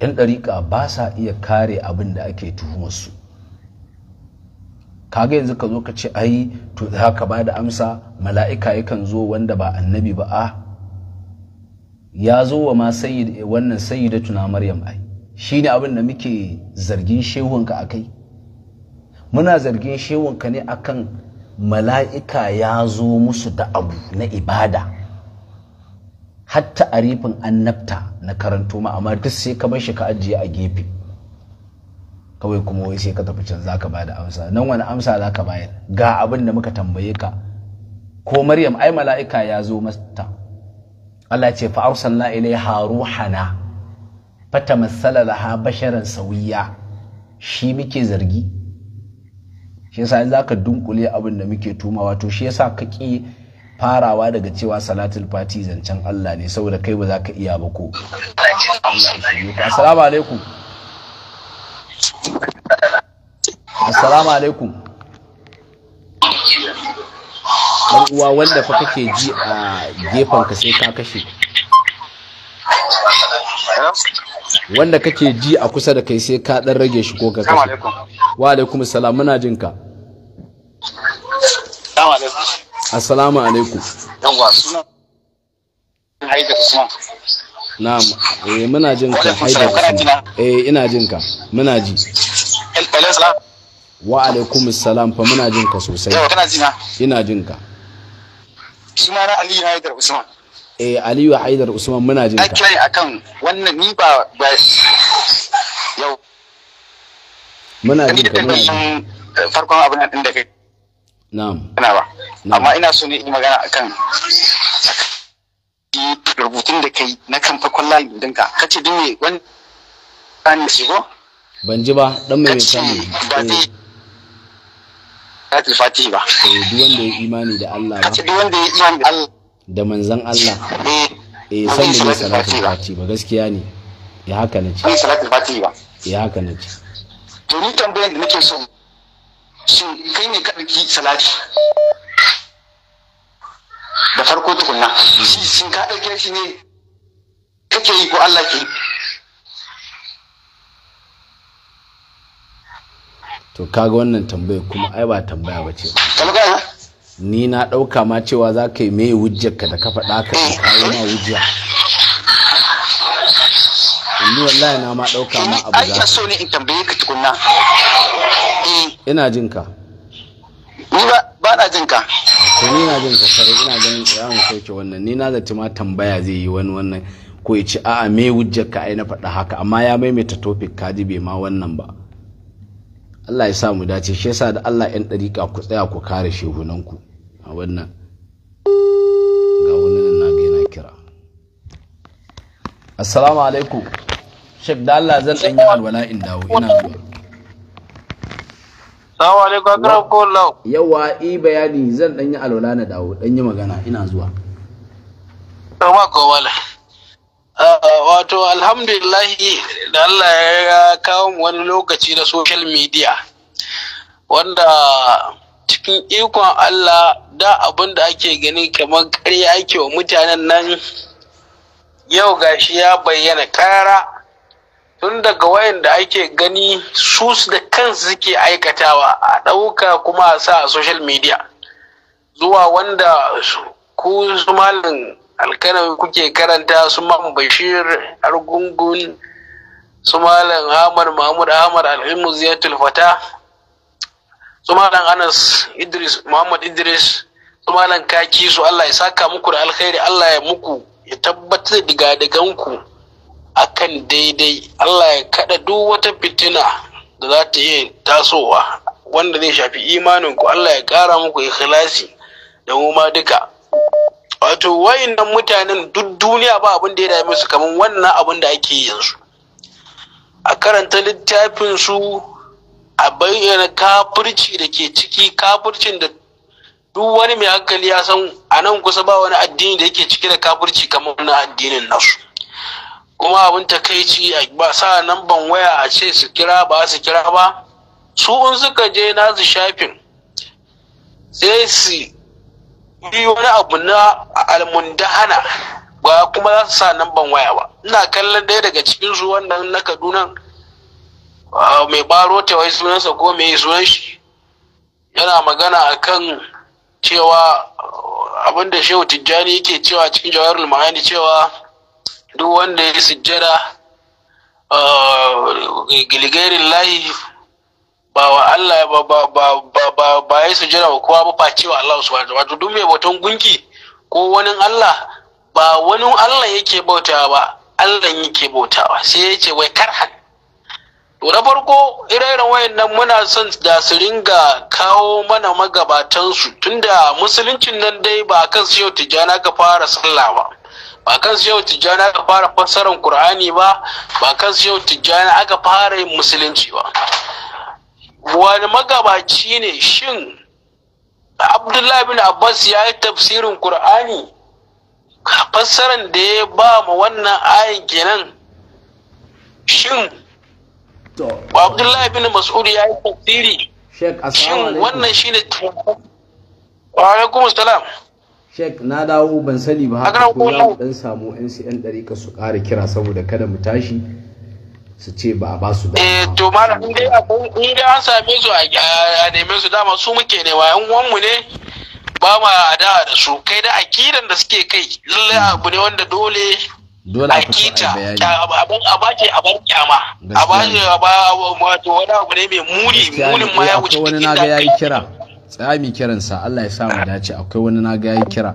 'yan ɗariƙa ba sa iya kare abin da ake tuhumarsu kaga yanzu ka zo ka ce ai to za ka ba da amsa mala'ika yakan zo wanda ba annabi ba a ya zo wa ma wannan sayyida tuna maryam ai shi ne abin da muke zargin shehunka a kai muna zargin shehunka ne akan mala'ika ya zo musu da abu na ibada hatta a arifin annabta na karanto ma amma duk sai ka bar shi ka ajiye a gefe kawai kuma wai sai ka tafi can za ba da amsa nan wani amsa za zaka bayar ga abin da muka tambaye ka ko maryam ai mala'ika ya zo mata Allah ce fa arsalna ilaiha ruhana tamassala laha basharan sawiya shi muke zargi shi yasa in zaka dunkule abin da muke tumawa to shi yasa ka ki farawa daga cewa salatul fati zancen Allah ne saboda kai ba za ka iya ba ko assalamu alaikum assalamu alaikum dan uwa wanda fa kake ji a gefen ka sai ka kashe wanda kake ji a kusa da kai sai ka dan rage shi ko ka kashe wa alaikum salam muna jinka assalamu alaikum assalamu alaikum Yawwa suna haidar usman na'am eh muna jin ka haidar usman eh ina jin ka muna ji wa alaikum salam fa muna jin ka sosai Yawwa kana ji na ina jin ka suna na aliyu haidar usman eh aliyu haidar usman muna jin ka Akai akan wannan ni ba ba yau muna jin ka eh, farkon abin da kai na'am Ina ba amma ina so ne in magana akan rubutun da kai na kan farkon layin ka kace din ne wani ne shi ko ban ji ba dan mai mai sani ba eh. zai Ayatul Fatihi ba. Eh duk wanda ya imani da Allah ba. Duk wanda ya imani da Allah. Da manzon Allah. Eh, eh san mai salatul fati ba gaskiya ne. Ya eh, haka na ce. Salatul fati ba. Ya haka na ce. To ni tambayar da nake so shin kai ne ka ɗauki salati da farko tukunna hmm. sun shin ka ɗauke shi ne kake yi ko Allah ke to kaga wannan tambaya kuma ai ba tambaya ba ce ni na ɗauka ma cewa za ka yi mai wujjarka da kafa ɗaka da kayan na wujja eh. ni wallahi na ma ɗauka ma abu za ka so ne in tambaye ka tukunna eh. ina jinka ni ba na jinka to ni na jin kasar ina ganin za mu soke wannan ni na zaci ma tambaya zai yi wani wannan ko ya ci a'a me wujjar ka ai na faɗa haka amma ya maimaita topic kaji bai ma wannan ba Allah ya sa mu dace shi yasa da Allah yan dariƙa ku tsaya ku kare shehunan ku a wannan ga wani nan na ga yana kira assalamu alaikum shek da Allah zan ɗan yi alwala in dawo ina zuwa Salamu alaikum akaram ko Yawa i bayani zan dan yi alwala na dawo dan yi magana ina zuwa. Ah, wato alhamdulillahi da Allah ya kawo mu wani lokaci na social media wanda cikin ikon Allah da abin da ake gani kamar karya ake wa mutanen nan yau gashi ya bayyana ƙara. tun daga wayanda ake gani su da kansu suke aikatawa a ɗauka kuma a sa a social media zuwa wanda ku su malin alkanan kuke karanta su man bashir argungun su malin ahmad mahmud ahmad al'imu ziyatul fata su malin anas idris muhammad idris su malin kaki su allah ya saka muku da alkhairi allah ya muku ya tabbatar da diga-diganku akan daidai Allah ya kada duk wata fitina da za ta iya tasowa wanda zai shafi imanin ku Allah ya kara muku ikhlasi da mu duka wato wayannan mutanen duk duniya ba abin da ya dame su kaman wannan abin da ake yanzu a karanta littafin su a bayyana kafirci da ke ciki kafircin da duk wani mai hankali ya san a nan kusa ba wani addini da yake cike da kafirci kamar na addinin nasu kuma abin takaici ba sa namban waya a ce su kira ba su kira ba su in suka je su shafin sai su yi wani abu na almundahana ba kuma za su sa namban waya ba ina kallon ɗaya daga cikin su wannan na kaduna mai baro ta wai sunansa ko mai sunan shi yana magana akan cewa abinda shehu tijjani yake cewa cikin jawarul ma'ani cewa duk wanda ya sujjada eh, gilgairin layi ba wa Allah ba ya sujjada wa kowa ba face wa Allah subhanahu wato duk mai bautan gunki ko wani Allah ba wani Allah yake bautawa ba Allah yake bautawa sai ya ce wai karhan to na farko ire-iren wayannan muna son da su ringa kawo mana magabatansu tunda musuluncin nan dai ba kan su yau tijjana ka fara sallah ba ba kan yau tijjani aka fara fassarar qur'ani ba ba kan yau tijjani aka fara yin musulunci ba wani magabaci ne shin abdullahi bin abbas ya yi tafsirin qur'ani fassarar da ya ba mu wannan ayin kenan shin abdullahi bin mas'ud ya yi tafsiri shin wannan shine wa alaikum salam Sheikh na dawo ban sani ba haka ko za dan samu NCN ɗarika su ƙara kira saboda kada mu tashi su ce ba a ba su da. Eh to malam in dai in dai an same su a neme su dama su muke ne wa yan uwanmu ne ba ma adawa da su kai da akidan da suke kai lallai hmm. abu ne wanda dole dole akita abin a bace a bar kyama a bace a ba wato wani abu ne mai muni munin ma ya eh, wuce wani na tsami kiransa Allah ya sa mu dace akwai wani na ga ya kira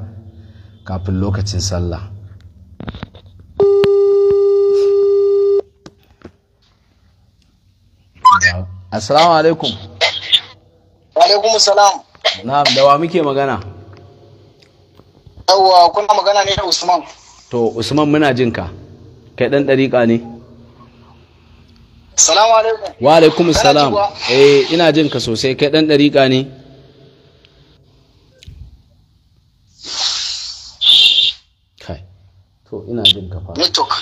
kafin lokacin sallah Assalamu alaikum. Wa alaikum salam. Na'am, da wa muke magana? Yawwa, kuna magana ne da Usman. To, Usman muna jin ka. Kai dan dariƙa ne? Assalamu alaikum. Wa alaikum salam. Eh, ina jin ka sosai. Kai dan dariƙa ne? to ina jin ka fa network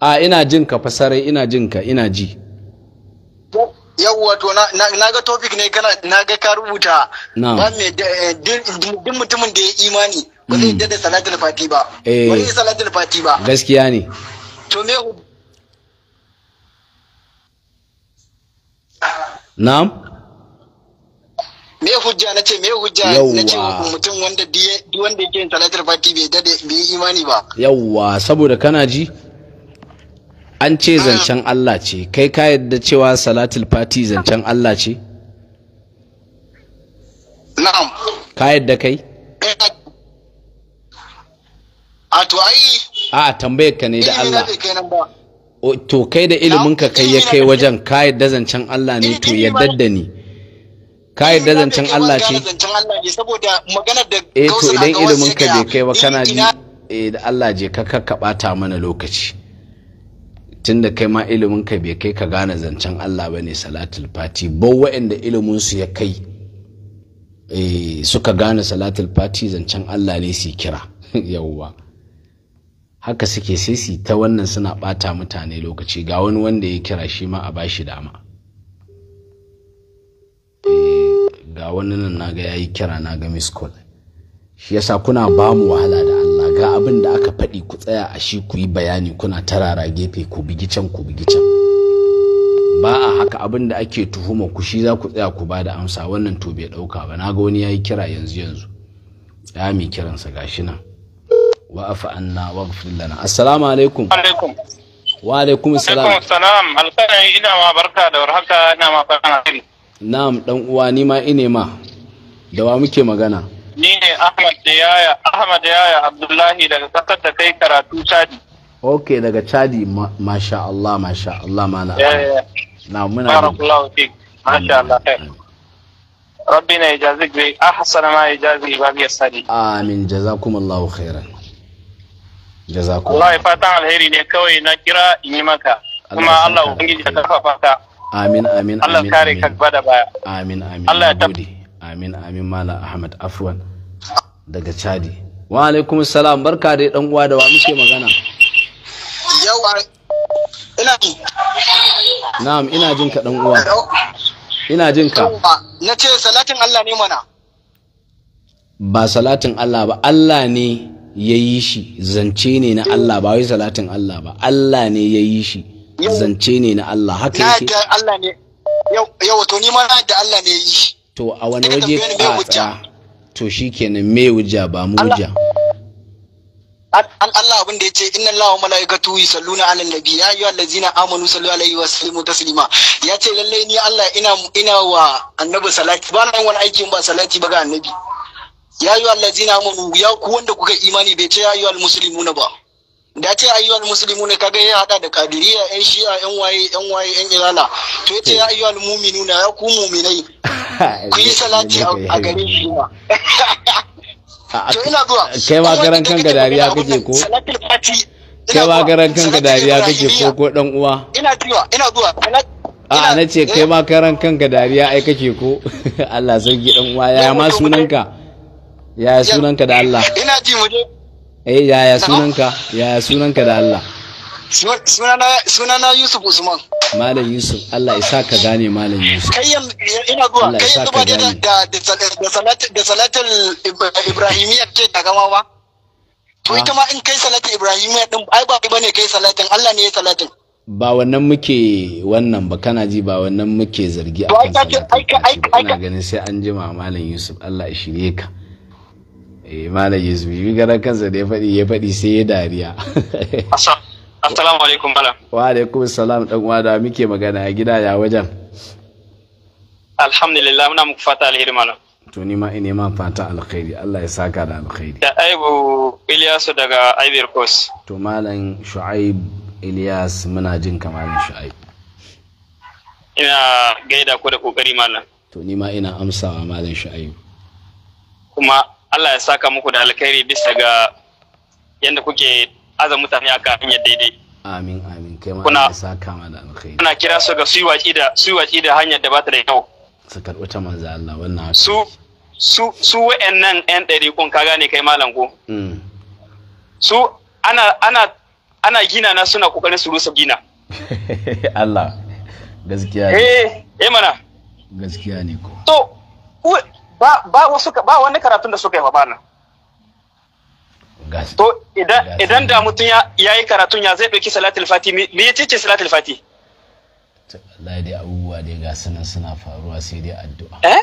a ina jin ka fa sarai ina jin ka ina ji yawwa to na ga topic ne kana na ga ka rubuta ba me eh, duk mutumin da ya imani ba zai mm. da salatul fati ba ba zai eh. salatul fati ba gaskiya ne to me na'am me hujja na ce me hujja na ce mutum wanda duk wanda yake yin salatar fati bai dade bai yi imani ba yawwa saboda kana ji an ce ah. zancen Allah ce kai ka yadda cewa salatul fati zancen Allah ce na'am ka yadda kai eh, a to ai a tambayar ka ne da Allah to kai da ilimin ka kai ya kai wajen ka yadda zancen Allah ne to yadda da ni ka yarda zancen Allah ce saboda eh to idan ilimin ka bai kai ba kana ji eh, da Allah je ka kakkaba ta mana lokaci tunda kai ma ilimin ka bai kai ka gane zancen Allah bane salatul fati ba wa'anda ilimin su ya kai eh suka gane salatul fati zancen Allah ne su kira yawwa haka suke sai su ta wannan suna bata mutane lokaci ga wani wanda ya kira shi ma a bashi dama eh. ga wani nan naga yayi kira naga miss call shi yasa kuna ba mu wahala da Allah ga abin da aka faɗi ku tsaya a shi ku yi bayani kuna tarara gefe ku bigi can ku bigi can ba a haka abin da ake tuhuma ku shi za ku tsaya ku ba da amsa wannan to bai ɗauka ba naga wani yayi kira yanzu yanzu ya mai kiransa gashi nan wa afa anna wa lana assalamu alaikum alaikum wa alaikum salam alaikum ina ma barka da warhaka ina ma fara na'am dan uwa ni ma ine ma da wa muke magana ni ne ahmad da yaya ahmad yaya abdullahi daga kasar da kai karatu chadi ok daga chadi masha Allah masha Allah ma na muna barakallahu fik masha Allah ربنا يجازيك بأحسن ما يجازي باقي السالي Amin jazakumullahu khairan. Jazakumullahu. Allah ya fatan alheri ne kawai na kira in yi maka kuma Allah ubangiji ya karfafa ka amin amin Allah kare ka baya amin amin Allah ya amin amin malam Ahmad Afwan daga Chadi wa alaikum salam barka dai dan uwa da wa muke magana yawa ina na'am ina jin ka dan uwa ina jin ka salatin Allah ne mana ba salatin Allah ba Allah ne ya yi shi zance ne na Allah ba wai salatin Allah ba Allah ne ya yi shi zance ne na Allah haka yake na Allah ne yau to ni ma da Allah ne yi to a wani waje tsatsa to shikenan me wuja ba mu wuja Allah abin da yace inna Allahu malaikatu yusalluna 'alan nabi ya ayyuha allazina amanu sallu alaihi wa sallimu taslima yace lalle ni Allah ina ina wa annabi salati ba nan wani aikin ba salati ba ga annabi ya ayyuha allazina amanu ya ku wanda kuka imani bai ce ya musulmi nuna ba da ce ayyuhal musulmi ne kaga ya hada da kadiriya yan shi'a yan waye yan waye yan ilala to yace ya Muminu na ya ku mu'minai ku yi salati a gare shi to ina zuwa kai ma garan kanka dariya kake ko salatul fati kai ma garan ga dariya kake ko ko dan uwa ina zuwa ina zuwa a na ce eh? kai ma karan kanka dariya ai kake ko Allah sarki dan uwa yaya ma sunanka yaya sunanka da Allah ina ji mu je eh yaya sunanka yaya sunanka da Allah sunana Yusuf Usman Malam Yusuf Allah isa ka gane Malam Yusuf kai ina zuwa kai yanzu ba da da salatul ibrahimiyya ce ta gama ba to ah. ita ma in kai salatu ibrahimiyya din ai ba bane kai salatin Allah ne ya salatin ba wannan muke wannan ba kana ji ba wannan muke zargi a kan salatin ina ganin sai an jima Malam Yusuf Allah ya shirye ka Eh, malam yusuf shi gara kansa da ya faɗi ya faɗi sai ya dariya assalamu alaikum malam wa alaikum salam dan uwa da muke magana a gida ya wajen alhamdulillah muna muku fata alheri malam to ni ma ina ma fata alkhairi Allah ya saka da alkhairi da aibu Ilyasu daga Ivory Coast to malam Shu'aib Ilyas muna jin malam Shu'aib ina gaida ku da kokari malam to ni ma ina amsawa malam Shu'aib kuma Allah ya saka muku da alkhairi bisa ga yadda kuke aza mutane akan hanyar daidai amin amin kai ma ya saka ma da alkhairi kuna kira su ga su watsi da su da hanyar da ba ta da kyau su karɓi ta manzo Allah wannan su su su wa'annan ɗan ɗari kun ka gane kai malam ko mm. su ana ana ana gina na suna kokarin su rusa gina Allah gaskiya ne eh eh mana gaskiya ne ko to ba wasu ba wani karatun da suka yi ba nan to idan da mutum ya yi karatun ya zai dauki salatul fati mi yace ce salatul fati to wallahi dai abubuwa dai ga sunan suna faruwa sai dai addu'a eh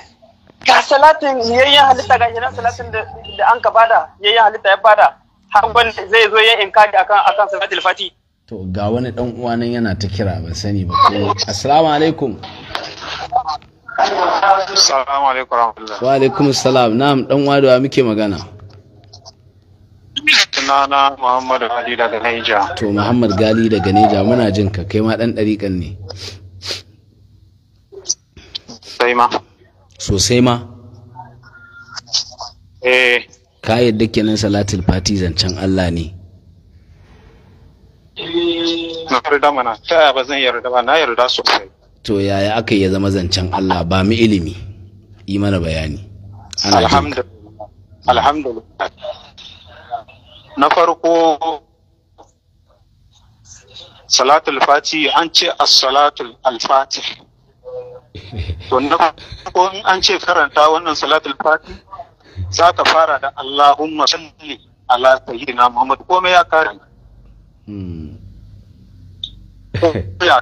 ga salatin yayyan halitta ga yanan salatin da da an ka bada yayyan halitta ya bada har wanda zai zo ya inkari akan akan salatul fati to ga wani dan uwa nan yana ta kira ban sani ba Asalamu assalamu alaikum Assalamu alaikum Wa alaikum assalam. Na'am dan wadawa muke magana. Sunana Muhammad Gali daga Neja. To Muhammad Gali daga Neja muna jin ka kai ma dan dariƙan ne. Sai ma. Sosai ma. Eh. Ka yadda kenan salatul fati zancen Allah ne. Na yarda mana, ta ba zan yarda ba, na yarda sosai. to yaya aka ya zama zancen Allah ba mu ilimi yi mana bayani alhamdulillah na farko salatul fati an ce as-salatul al-fatih to na farko an ce karanta wannan salatul fati za ka fara da Allahumma salli ala sayyidina Muhammad komai ya kare hmm. ya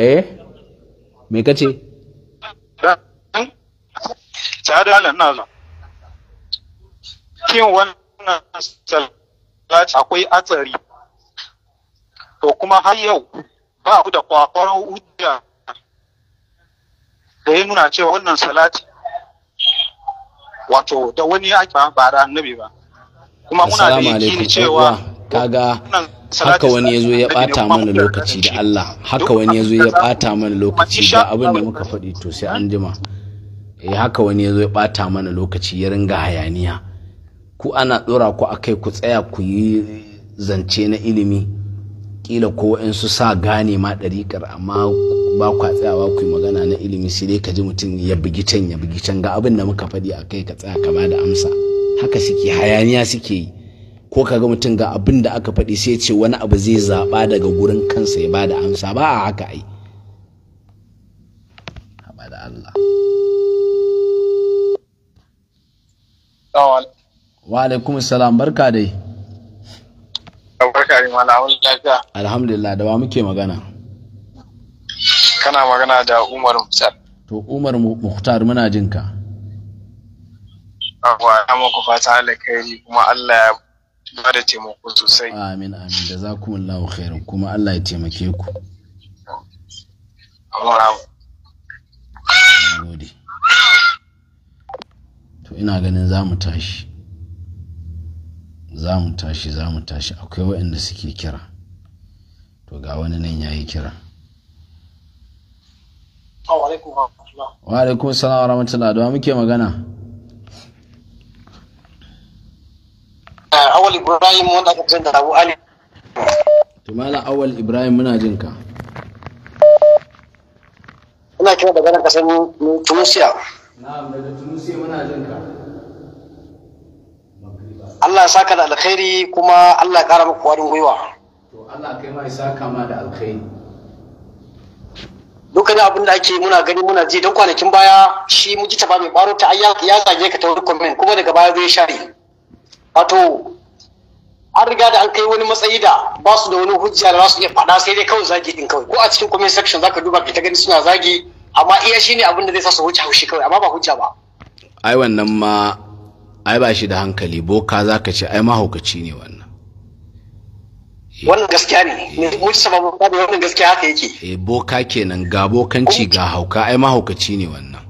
eh me kace tsada Allah na zo kin wannan salati akwai atsari to kuma har yau ba ku da kwakwaron hujja da ya nuna cewa wannan salati wato da wani ake ba da annabi ba kuma muna da yakini cewa kaga haka wani ya zo ya bata mana lokaci da Allah haka wani ya zo ya bata mana lokaci da abin da muka faɗi to sai an eh? jima eh haka wani ya zo ya bata mana lokaci ya ringa hayaniya ku ana dora ku akai ku tsaya ku yi zance na ilimi kila ko su sa gane ma dariƙar amma ba kwa tsayawa ku yi magana na ilimi sai dai ka ji mutum ya bugi can ya bugi can ga abin da muka faɗi akai ka tsaya ka ba da amsa haka suke hayaniya suke yi ko kaga mutum ga abin da aka faɗi sai ce wani abu zai zaɓa daga gurin kansa ya ba da amsa ba a haka ai da Allah wa alaikum salam barka dai barka ne malamun alhamdulillah da ba muke magana kana magana da Umar Mukhtar to Umar Mukhtar muna jinka ka Abuwa ya muku fata alkhairi kuma Allah ya ba da taimako sosai amin amin da za kuma lawo khairan kuma Allah ya taimake ku to ina ganin za mu tashi za mu tashi za mu tashi akwai waɗanda suke kira to ga wani nan ya yi kira wa alaikum salam wa rahmatullah da muke magana Ah, awal ibrahim wanda aka da abu ali to malam awal ibrahim muna jin ka ina kira daga nan kasar tunisia na'am daga tunisia muna jin ka Allah ya saka da alkhairi kuma Allah ya kara maka kwarin gwiwa to Allah kai ma ya saka ma da alkhairi dukkanin abin da ake muna gani muna ji don kwanakin baya shi mujita ba mai baro ta ya zage ka ta wani comment kuma daga baya zai share wato an riga da an kai wani matsayi da ba su da wani hujja da za su iya faɗa sai dai kawai zagi din kawai ko a cikin comment section zaka duba ka ta gani suna zagi amma iya shine abin da zai sa su wuce haushi kawai amma ba hujja ba ai wannan ma ai ba shi da hankali boka zaka ce ai mahaukaci ne wannan eh. wannan gaskiya ne eh. mu ci sababu ba wannan gaskiya haka yake eh boka kenan ga bokanci ga hauka ai mahaukaci ne wannan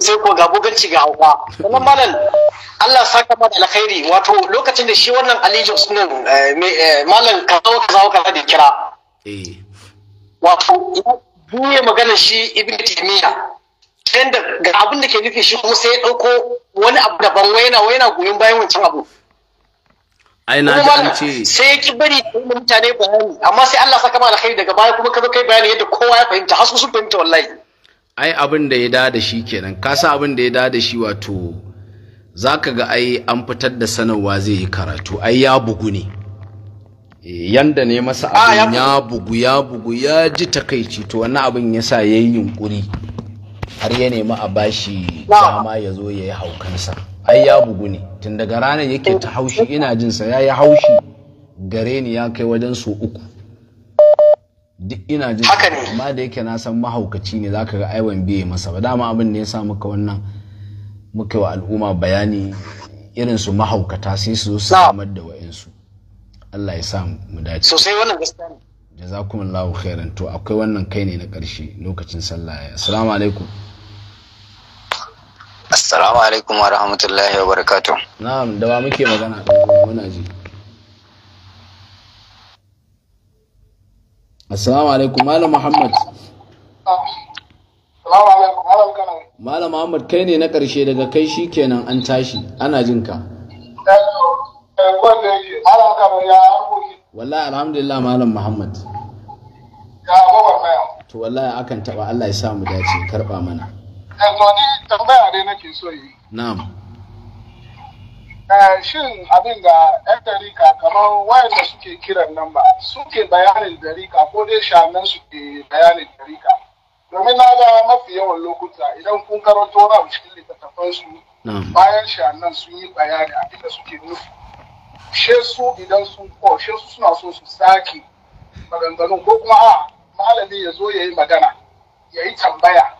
sai ko ga bokanci ga hauka wannan malam Allah saka ma da alkhairi wato lokacin da shi wannan Ali Jos din eh, eh, malam kawo kaza kaza da kira eh. wato ya magana shi Ibn sai da ga abin da ke nufi shi kuma sai ya ɗauko wani abu daban wai yana goyon bayan wancan abu ai na ji an ce sai ya ki bari da mutane bayani amma sai Allah saka mana alkhairi daga baya kuma ka zo kai bayani yadda kowa ya fahimta har su sun fahimta wallahi ai abin da ya da da shi kenan ka sa abin da ya da da shi wato za ka ga ai an fitar da sanarwa zai yi karatu ai ya bugu ne eh, yanda ne masa ah, abin ya bugu ya bugu ya ji takaici to wani abin ya sa ya yi yunkuri har ya nemi a bashi dama ya zo ya yi haukansa ai ya bugu ne tun daga ranar yake ta haushi ina jinsa ya yi haushi gare ni ya kai wajen so uku duk ina jin amma da yake na san mahaukaci ne zaka ga aiwan biye masa ba dama abin ne ya sa muka wannan muka wa al'umma bayani irin su mahaukata sai su su samar da wa'insu Allah ya sa mu dace sosai wannan gaskiya ne jazakumullahu khairan to akwai wannan kai ne na ƙarshe lokacin sallah assalamu alaikum assalamu alaikum wa rahmatullahi wa barakatuh na'am da ba muke magana muna ji assalamu alaikum malam muhammad Malam Muhammad kai ne na ƙarshe daga kai shi kenan an tashi ana jin ka. Eh, eh, wallahi alhamdulillah Malam Muhammad. To wallahi akan taɓa Allah ya sa mu dace karɓa mana. Yanzu eh, ni tambaya dai nake so yi. Na'am. Shin abin da ‘yan darika kamar wayanda suke kiran nan ba suke bayanin darika ko dai shanan suke bayanin darika. domin na ga mafi yawan lokuta idan kun karanto na cikin littattafan su bayan shannan sun yi bayani inda suke nufi she su idan sun ko she su suna so su sake maganganun ko kuma a malami ya zo ya yi magana ya yi tambaya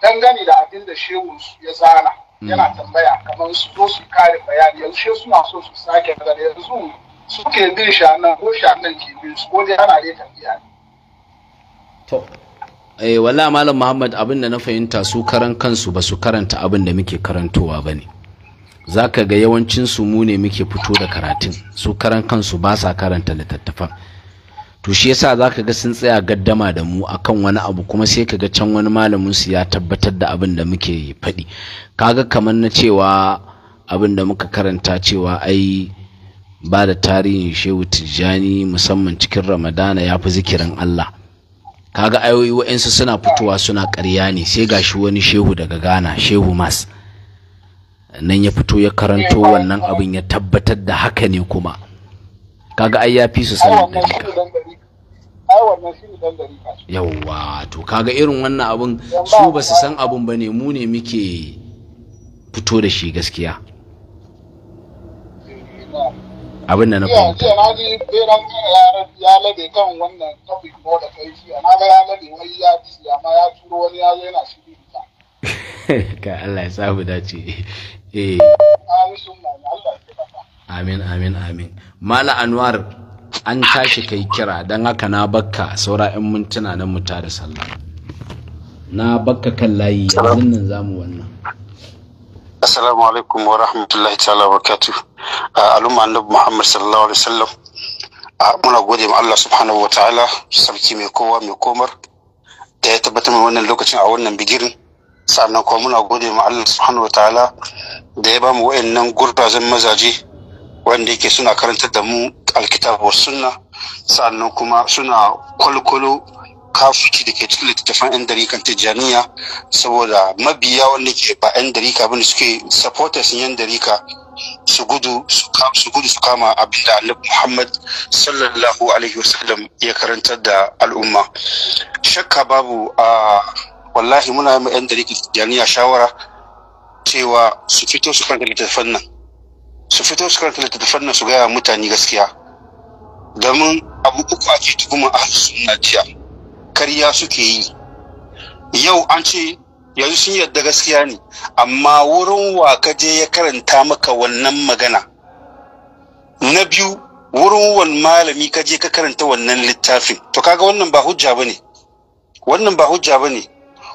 dangane da abin da shehun ya zana yana hmm. tambaya kamar su zo su kare bayani yanzu she suna so su sake magana yanzu suke bin shannan ko shannan ke bin su ko dai ana dai tafiya ne. eh wala malam muhammad abin da na fahimta su karan kansu ba su karanta abin da muke karantowa ba ne za ga yawancin su mu ne muke fito da karatun su karan kansu ba sa karanta littattafan to shi yasa za ga sun tsaya gaddama da mu akan wani abu kuma sai ka ga can wani malamin su ya tabbatar da abin da muke faɗi kaga kamar na cewa abin da muka karanta cewa ai ba da tarihin shehu tijjani musamman cikin ramadana ya fi zikirin allah kaga ayoyi wa'insu suna fitowa suna ƙarya ne sai gashi wani shehu daga ghana shehu mas nan ya fito ya karanto wannan abin ya tabbatar da haka ne kuma kaga ai ya fi su sanin ka, yawwa to kaga irin wannan abin su ba su san abin ba ne mu ne muke fito da shi gaskiya abin da na fahimta. Jiya na ji beran ya labe kan wannan topic ko da kai jiya na ga ya labe wani ya ci amma ya turo wani ya zo yana shiri ta. Ka Allah ya samu dace. Eh. Amin amin amin. Mala Anwar an tashi kai kira don haka na bakka saura 'yan mintuna na mu da sallah. Na bakka kan layi yanzu nan zamu wannan. assalamu alaikum wa rahmatullahi ta'ala wa barakatuh al'umma annabi muhammad sallallahu alaihi wasallam muna gode ma Allah subhanahu wa ta'ala sarki mai kowa mai komar da ya tabbatar mana wannan lokacin a wannan bigirin sannan kuma muna gode ma Allah subhanahu wa ta'ala da ya ba mu wayannan gurbazan mazaje wanda yake suna karantar da mu alkitabu sunna sannan kuma suna kwalkwalo kafuci da ke cikin littattafan 'yan dariƙan tijjaniya saboda mabiya wanda ke ba 'yan dariƙa bane suke supporters 'yan dariƙa su gudu su gudu su kama abinda annabi Muhammad sallallahu alaihi wasallam ya karantar da al'umma shakka babu a wallahi muna yi 'yan dariƙan tijjaniya shawara cewa su fito su karanta littattafan nan su fito su karanta littattafan nan su gaya mutane gaskiya domin abu uku ake tuhuma a sunna jiya karya suke yi yau an ce yanzu sun yarda gaskiya ne amma wurin wa ka je ya karanta maka wannan magana na biyu wurin wani malami ka je ka karanta wannan littafin to kaga wannan ba hujja ne wannan ba hujja bane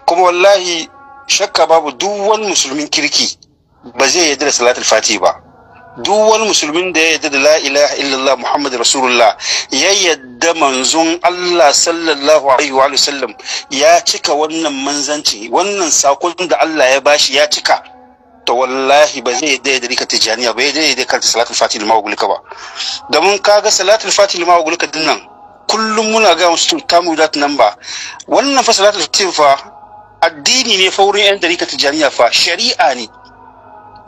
kuma wallahi shakka babu duk wani musulmin kirki ba zai yarda da salatul fati ba duk wani musulmin da ya yadda da la ilaha illallah muhammad rasulullah ya yadda manzon Allah sallallahu alaihi wa sallam ya cika wannan manzanci wannan sakon da Allah ya bashi ya cika to wallahi ba zai yadda da rika tijaniya ba zai yadda karta salatul fatih lima gulka ba da mun kaga salatul fatih lima gulka dinnan kullum muna ga musu kamu dat number wannan fa salatul fatih fa addini ne fa wurin yan da rika tijaniya fa shari'a ne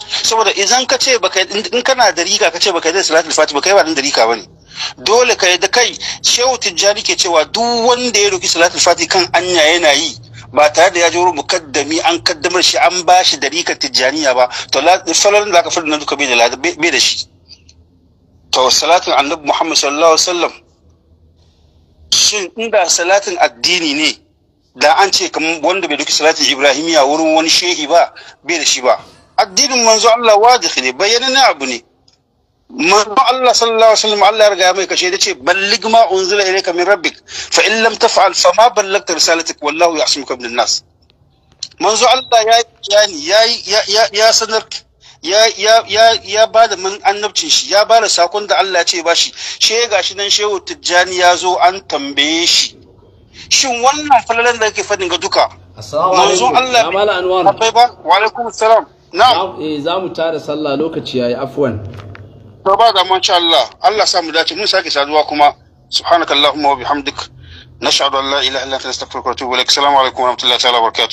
saboda idan ka ce baka in kana da rika ka ce baka da salatul fati baka yi ba da rika bane dole ka da kai shehu tijjani ke cewa duk wanda ya roki salatul fati kan anya yana yi ba tare da ya jiro mukaddami an kaddamar shi an ba shi da rika tijjaniya ba to salatul da aka fi na duka bai da shi to salatin annabi muhammad sallallahu alaihi wasallam shin inda salatin addini ne da an ce kamar wanda bai doki salatin ibrahimiya wurin wani shehi ba bai da shi ba addinin manzo Allah wadih ne bayyana abu ne manzo Allah sallallahu alaihi wasallam Allah ya riga mai kashe da ce ballig ma unzila ilayka min rabbik fa in lam taf'al fa ma ballagta risalatik wallahu ya'simuka min nas manzo Allah ya yani ya ya sanar ya ya ya ya ba da man annabcin shi ya ba da sakon da Allah ya ce ba shi she gashi nan shehu tijjani ya zo an tambaye shi shin wannan falalan da kake fadin ga duka manzo Allah ya mala anwar ba wa alaikum salam Eh, za mu tara sallah lokaci yayi afwan to ba da man Allah Allah sa mu dace mun sake saduwa kuma subhanakallahumma wa bihamdik nashhadu an la ilaha illa anta astaghfiruka wa atubu ilaik assalamu alaikum wa rahmatullahi wa barakatuh